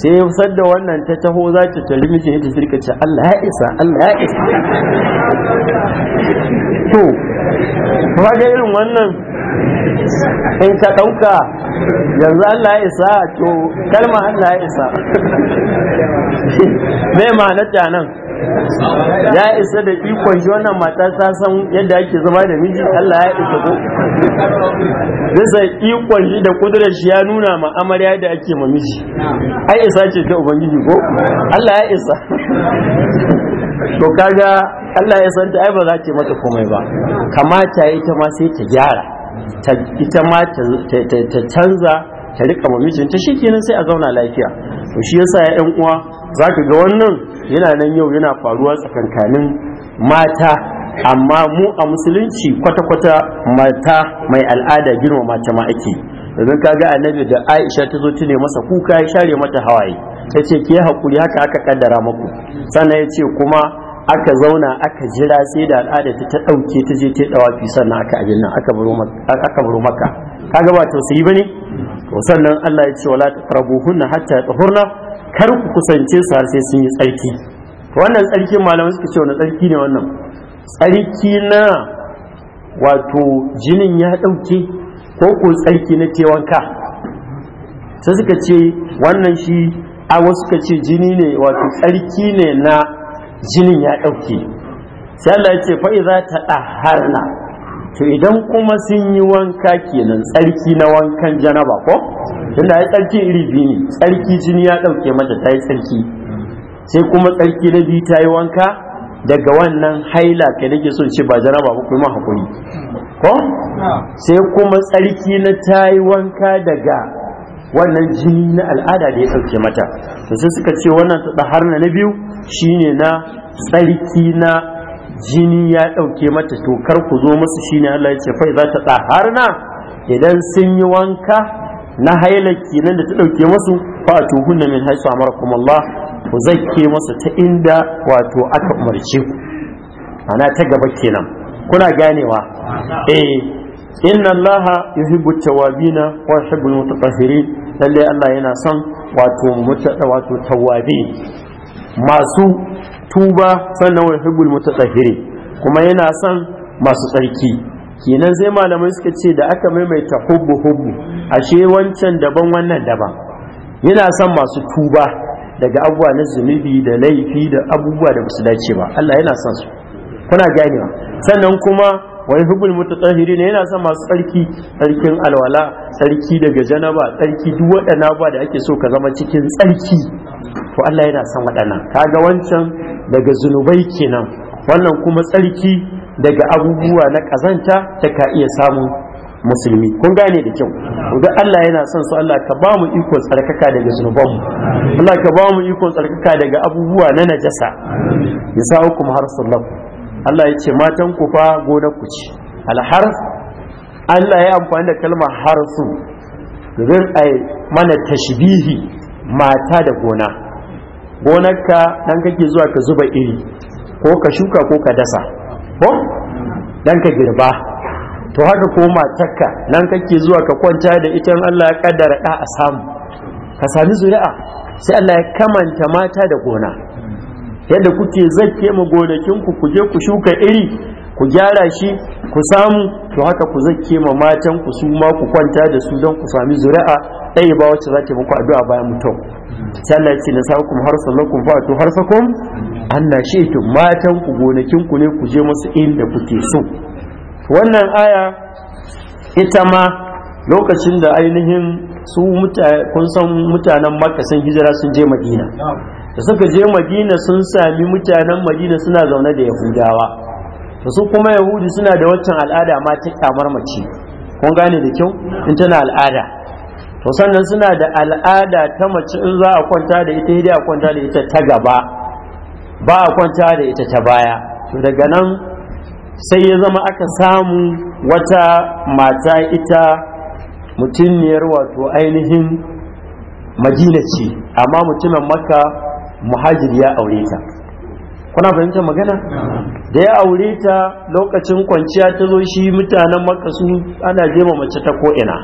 sai fusar da wannan ta taho za ta tari mijin ita shirka ce Allah ya isa Allah ya isa to ga irin wannan in ka ɗauka yanzu Allah ya isa to kalma Allah ya isa mai ma'anata nan ya isa da ikon shi wannan mata ta san yadda ake zama da miji Allah ya isa ko bisa ikon shi da kudurar shi ya nuna ma amarya da ake ma miji ai isa ce ta ubangiji ko Allah ya isa to kaga Allah ya san ta ai ba za ta mata komai ba kamata ita ma sai ta gyara ita ma ta canza ta rika ma mijinta kenan sai a zauna lafiya to shi yasa ya yan uwa za ka ga wannan yana nan yau yana faruwa tsakankanin mata amma mu a musulunci kwata-kwata mata mai al'ada girma mata ma ake domin ga annabi da aisha ta zo ta masa kuka ya share mata hawaye ta ce ke hakuri haka aka kaddara maku sannan ya ce kuma aka zauna aka jira sai da al'ada ta ɗauke ta je ta ɗawa fi sannan aka abin nan aka baro maka kaga ba tausayi ba ne to sannan allah ya ce wala ta hatta ya kar ku kusance su har sai sun yi tsarki wannan tsarki malamai suka ce wani tsarki ne wannan tsarki na wato jinin ya ɗauke ko ko tsarki na tewanka sai suka ce wannan shi a wasu suka ce jini ne wato tsarki ne na jinin ya ɗauke sai Allah ya ce fa'iza ta ɗaharna to idan kuma sun yi wanka kenan tsarki na wankan janaba ko tunda ya tsarki iri biyu ne tsarki jini ya ɗauke mata ta yi tsarki sai kuma tsarki na biyu ta yi wanka daga wannan haila kai nake son ce ba jaraba ba kuma hakuri ko sai kuma tsarki na ta yi wanka daga wannan jini na al'ada da ya ɗauke mata to sai suka ce wannan harna na biyu shine na tsarki na jini ya ɗauke mata to kar ku zo musu shine Allah ya ce fa za ta harna idan sun yi wanka na haila kenan da ta dauke masu fa hunna min haisu amarakum Allah ku zakke masu ta inda wato aka umarce ku ana ta gaba kenan kuna ganewa eh inna ya yuhibbu tawabina wa yuhibbu mutatahhirin lalle Allah yana son wato mutada wato tawabi masu tuba sannan wa yuhibbu mutatahhirin kuma yana son masu tsarki kenan sai malamai suka ce da aka maimaita hubbu hubbu ashe wancan daban wannan daban yana son masu tuba daga abubuwa na zunubi da laifi da abubuwa da basu dace ba Allah yana son su kuna ganewa sannan kuma wani hubbul mutatahiri ne yana son masu tsarki tsarkin alwala tsarki daga janaba tsarki duk waɗannan ba da ake so ka zama cikin tsarki to Allah yana son waɗannan kaga wancan daga zunubai kenan wannan kuma tsarki daga abubuwa na kazanta ta ka iya samun musulmi kun gane da kyau da Allah yana son su Allah ka ba mu ikon tsarkaka daga zunubanmu Allah ka ba mu ikon tsarkaka daga abubuwa na najasa har sallahu Allah ya ce matan ku fa gonar ku ce Alhar, Allah ya amfani da kalmar harsu gurin ai mana tashbihi mata da gona gonarka dan kake zuwa ka zuba iri ko ka shuka ko ka dasa ko dan ka girba to haka ko matarka nan kake zuwa ka kwanta da ita Allah ya kaddara da a samu ka sami zuri'a sai Allah ya kamanta mata da gona yadda kuke zakke ma gonakin ku kuje ku shuka iri ku gyara shi ku samu to haka ku zake ma matan ku su ma ku kwanta da su don ku sami zuri'a ɗaya ba wacce za ta muku addu'a bayan mutum sai Allah ce na sakum sallakum fa to harsakum anna to matan ku gonakin ku ne ku je musu inda kuke so wannan aya ita ma lokacin da ainihin su kun san mutanen makka sun hijira sun je madina da suka je madina sun sami mutanen madina suna zaune da yahudawa da su kuma yahudi suna da waccan al'ada ma ta kyamar mace kun gane da kyau in tana al'ada to sannan suna da al'ada ta mace in za a kwanta da ita a kwanta da ita ta gaba ba a kwanta da ita ta baya to daga nan sai ya zama aka samu wata mata ita mutumiyar wato ainihin madina ce amma mutumin makka muhajir ya aure ta kuna fahimtar magana da ya aure ta lokacin kwanciya ta zo shi mutanen makasu ana jema mace ta ko'ina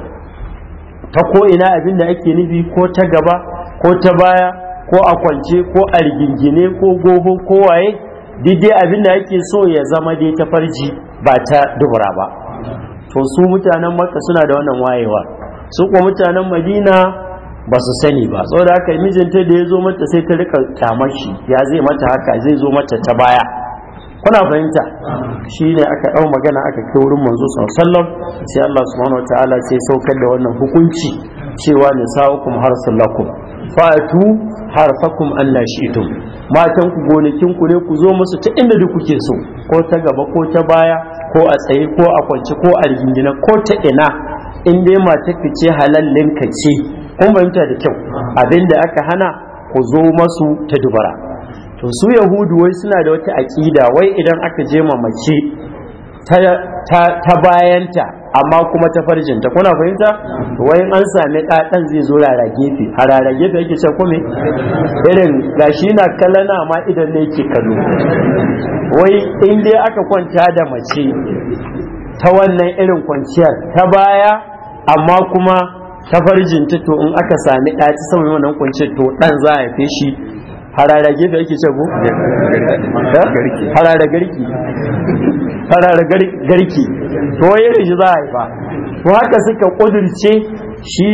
ta ko'ina abinda ake nufi ko ta gaba ko ta baya ko a kwance ko a rigingine ko gobo ko waye daidai abinda ake so ya zama dai ta farji ba ta dubura ba to su mutanen makasu suna da wannan wayewa su kuma mutanen madina ba su sani ba aka haka mijinta da ya zo mata sai ta rika kyamar shi ya zai mata haka zai zo mata ta baya kuna fahimta shi ne aka ɗau magana aka kai wurin manzo sallam sai Allah subhanahu wataala sai saukar da wannan hukunci cewa nisa'ukum har lakum fa'atu fakum Allah shi'tum matan ku gonakin ku ne ku zo musu ta inda duk kuke so ko ta gaba ko ta baya ko a tsaye ko a kwance ko a rigingina ko ta ina in dai matar ce halallin ka ce kun fahimta da kyau abinda aka hana ku zo masu ta dubara to su yahudu wai suna da wata aƙida wai idan aka je ma mace ta bayanta amma kuma ta farjinta kuna fahimta wai an sami ɗaɗan zai zo rara gefe a rara yake ce kome irin gashi na kalana ma idan ne ke kallo wai in dai aka kwanta da mace ta wannan irin kwanciyar ta baya amma kuma ta farjin ta to in aka sami ɗaya ta saman wannan kunce to ɗan za a haife shi harara gefe yake ce ko eh? harara garki harara garki to ya rishi za a haifa to haka suka ƙudurce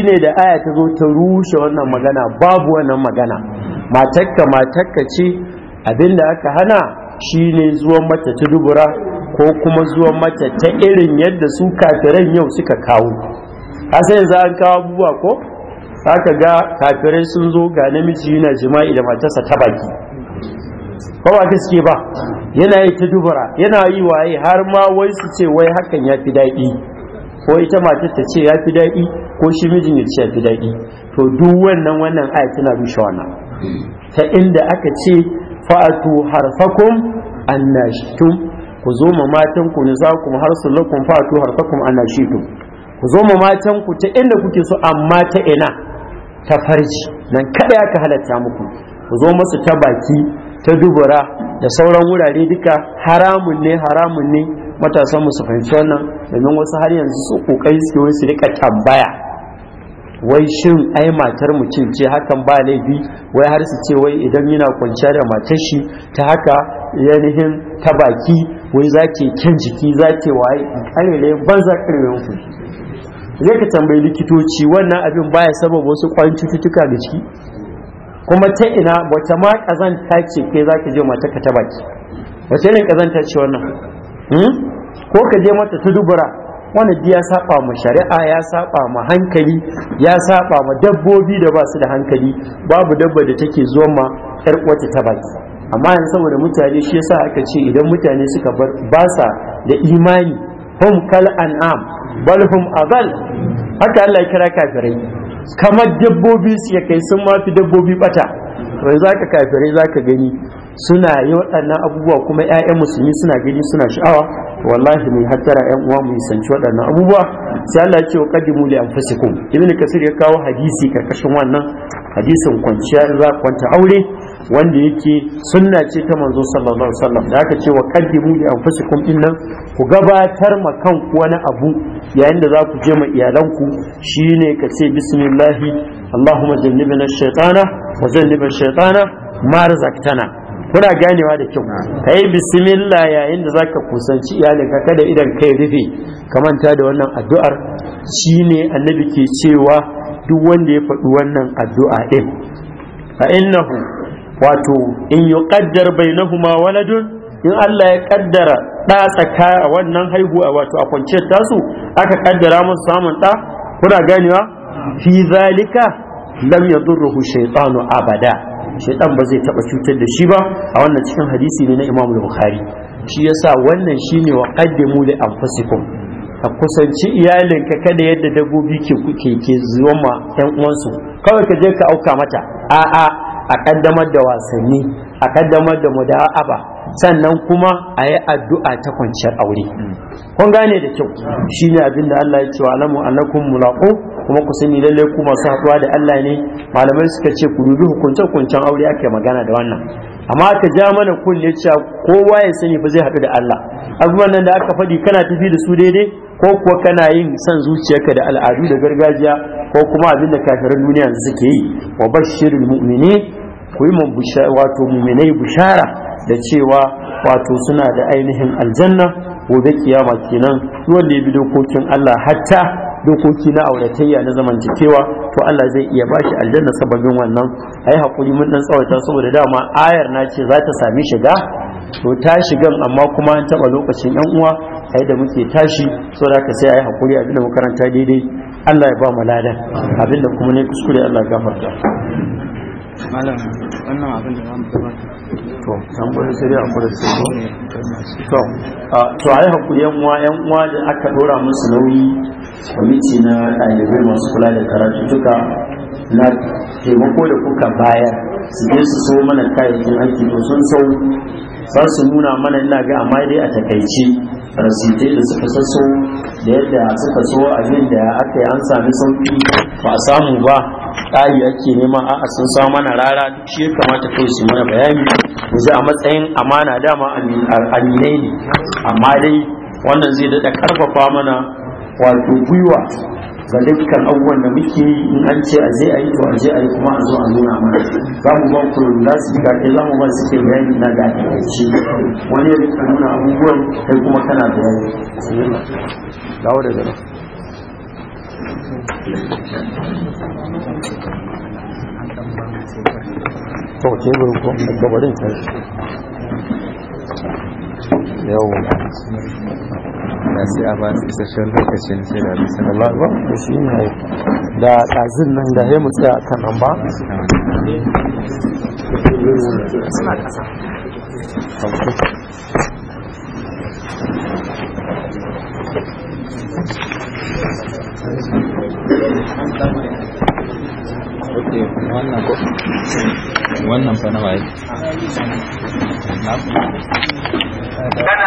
ne da aya ta zo ta rushe wannan magana babu wannan magana matakka matakka ce abinda aka hana shi ne zuwan mata ta dubura ko kuma zuwan mata ta irin yadda su kafiran yau suka kawo ka sai yanzu an kawo abubuwa ko haka ga kafirai sun zo ga namiji yana jima'i da matarsa ta baki ba ba ta ba yana yi ta dubara yana yi waye har ma wai su ce wai hakan ya fi daɗi ko ita matar ta ce ya fi daɗi ko shi mijin ya ce ya fi daɗi to duk wannan wannan aya tana rushe wannan ta inda aka ce fa'atu harfakum annashitum ku zo ma matan ku ne za ku harsun lakum fa'atu harfakum annashitum ku zo mu matan ku ta inda kuke so amma ta ina ta farji nan kada ya ka halatta muku ku zo masu ta baki ta dubura da sauran wurare duka haramun ne haramun ne matasan musu fahimci wannan domin wasu har yanzu su kokari su wai su rika tambaya wai shin ai matar mutum ce hakan ba laifi wai har su ce wai idan yana kwanciya da matar shi ta haka yanihin ta baki wai zake kyan jiki zake waye karere banza karere ku zai ka tambayi likitoci wannan abin baya sababa wasu kwayoyin cututtuka da ciki kuma ta ina wata ma kazanta ce kai za ka je mata ka ta baki wace ne kazanta ce wannan hmm? ko ka je mata ta dubura wannan ya saba ma shari'a ya saba ma hankali ya saba ma dabbobi da ba su da hankali babu dabba da take zuwa ma yar wata ta baki amma yanzu saboda mutane shi yasa aka ce idan mutane suka ba sa da imani hum kal an'am bal hum adal haka Allah ya kira kafirai kamar dabbobi su ya kai sun mafi dabbobi bata wai zaka kafirai zaka gani suna yi waɗannan abubuwa kuma 'ya'yan musulmi suna gani suna sha'awa wallahi mai hattara 'yan uwa mu sanci waɗannan abubuwa sai Allah ya ce wa qaddimu li anfusikum ibn kasir ya kawo hadisi karkashin wannan hadisin kwanciya za kwanta aure wanda yake sunna ce ta manzo sallallahu alaihi wasallam da aka ce wa qaddimu li anfusikum dinnan ku gabatar ma kanku wani abu yayin da za ku je ma iyalanku shine ka ce bismillahi allahumma jannibna ash-shaytana wa jannibna ash-shaytana ma razaqtana kuna ganewa da kyau ka yi bismillah yayin da zaka kusanci iyalinka kada idan kai rufe ka manta da wannan addu'ar shine annabi ke cewa duk wanda ya faɗi wannan addu'a din fa innahu wato in yi kaddar bai na huma waladun in Allah ya kaddara ɗa tsaka a wannan haihuwa wato a kwance tasu aka kaddara musu samun ɗa kuna ganewa fi zalika lam yadurruhu shaytanu abada shaytan ba zai taba cutar da shi ba a wannan cikin hadisi ne na Imam Bukhari shi yasa wannan shine wa qaddimu li anfusikum ka kusanci iyalinka kada yadda dabobi ke kuke ke zuwa ma ɗan uwansu kawai ka je ka auka mata a'a a kaddamar da wasanni a kaddamar da muda'aba sannan kuma a yi addu'a ta kwanciyar aure kun gane da kyau shine abin da Allah ya ce wa alamu annakum mulaqu kuma ku sani lalle ku masu haɗuwa da Allah ne malamai suka ce ku dubi hukuncen hukuncen aure ake magana da wannan amma aka ja mana kun kunne cewa kowa ya sani ba zai haɗu da Allah abubuwan nan da aka faɗi kana tafi da su daidai ko kuwa kana yin son zuciyarka da al'adu da gargajiya ko kuma abin da kafirin duniya suke yi wa bashirul mu'mini ku yi wato mu'minai bushara da cewa wato suna da ainihin aljanna gobe kiyama kenan wanda ya bi dokokin Allah hatta dokoki na auratayya na zamantakewa to Allah zai iya bashi aljanna sababin wannan ai hakuri mun dan tsawaita saboda dama ayar na ce za ta sami shiga to ta shigan amma kuma an taba lokacin yan uwa a yadda muke tashi so da sai a yi haƙuri abinda makaranta daidai Allah ya ba mu lada abinda kuma ne kuskure Allah ya gafarta malam wannan abin da za mu gabata to tambayoyi sai dai hakuri sai to to ai hakuri yan uwa yan uwa da aka dora musu nauyi kwamiti na ɗalibai masu kula da karatu duka na taimako da kuka bayar su je su so mana kayayyakin aiki to sun sau za su nuna mana ina ga amma dai a takaice rasitai da suka sasso da yadda suka so abin da aka yi an sami sauki ba a samu ba ɗari ake nema a sun samu mana rara duk shi ya kamata kai su mana bayani mu a matsayin amana dama aminai ne amma dai wannan zai daɗa ƙarfafa mana wato gwiwa ga dukkan abubuwan da muke yi in an ce a je a yi to a je a yi kuma a zo a nuna mana za mu ba ku za su ga ɗaya za mu ba su ke bayani na da shi wani ya rika nuna abubuwan kai kuma kana bayani dawo da gaba to ke gurin ko gabarin tashi yawon da sai a ba su isasshen lokacin sai da bisa da ba da shi ne da ɗazin nan da ya mutsa a kan nan ba wannan ko wannan fa nawa yake?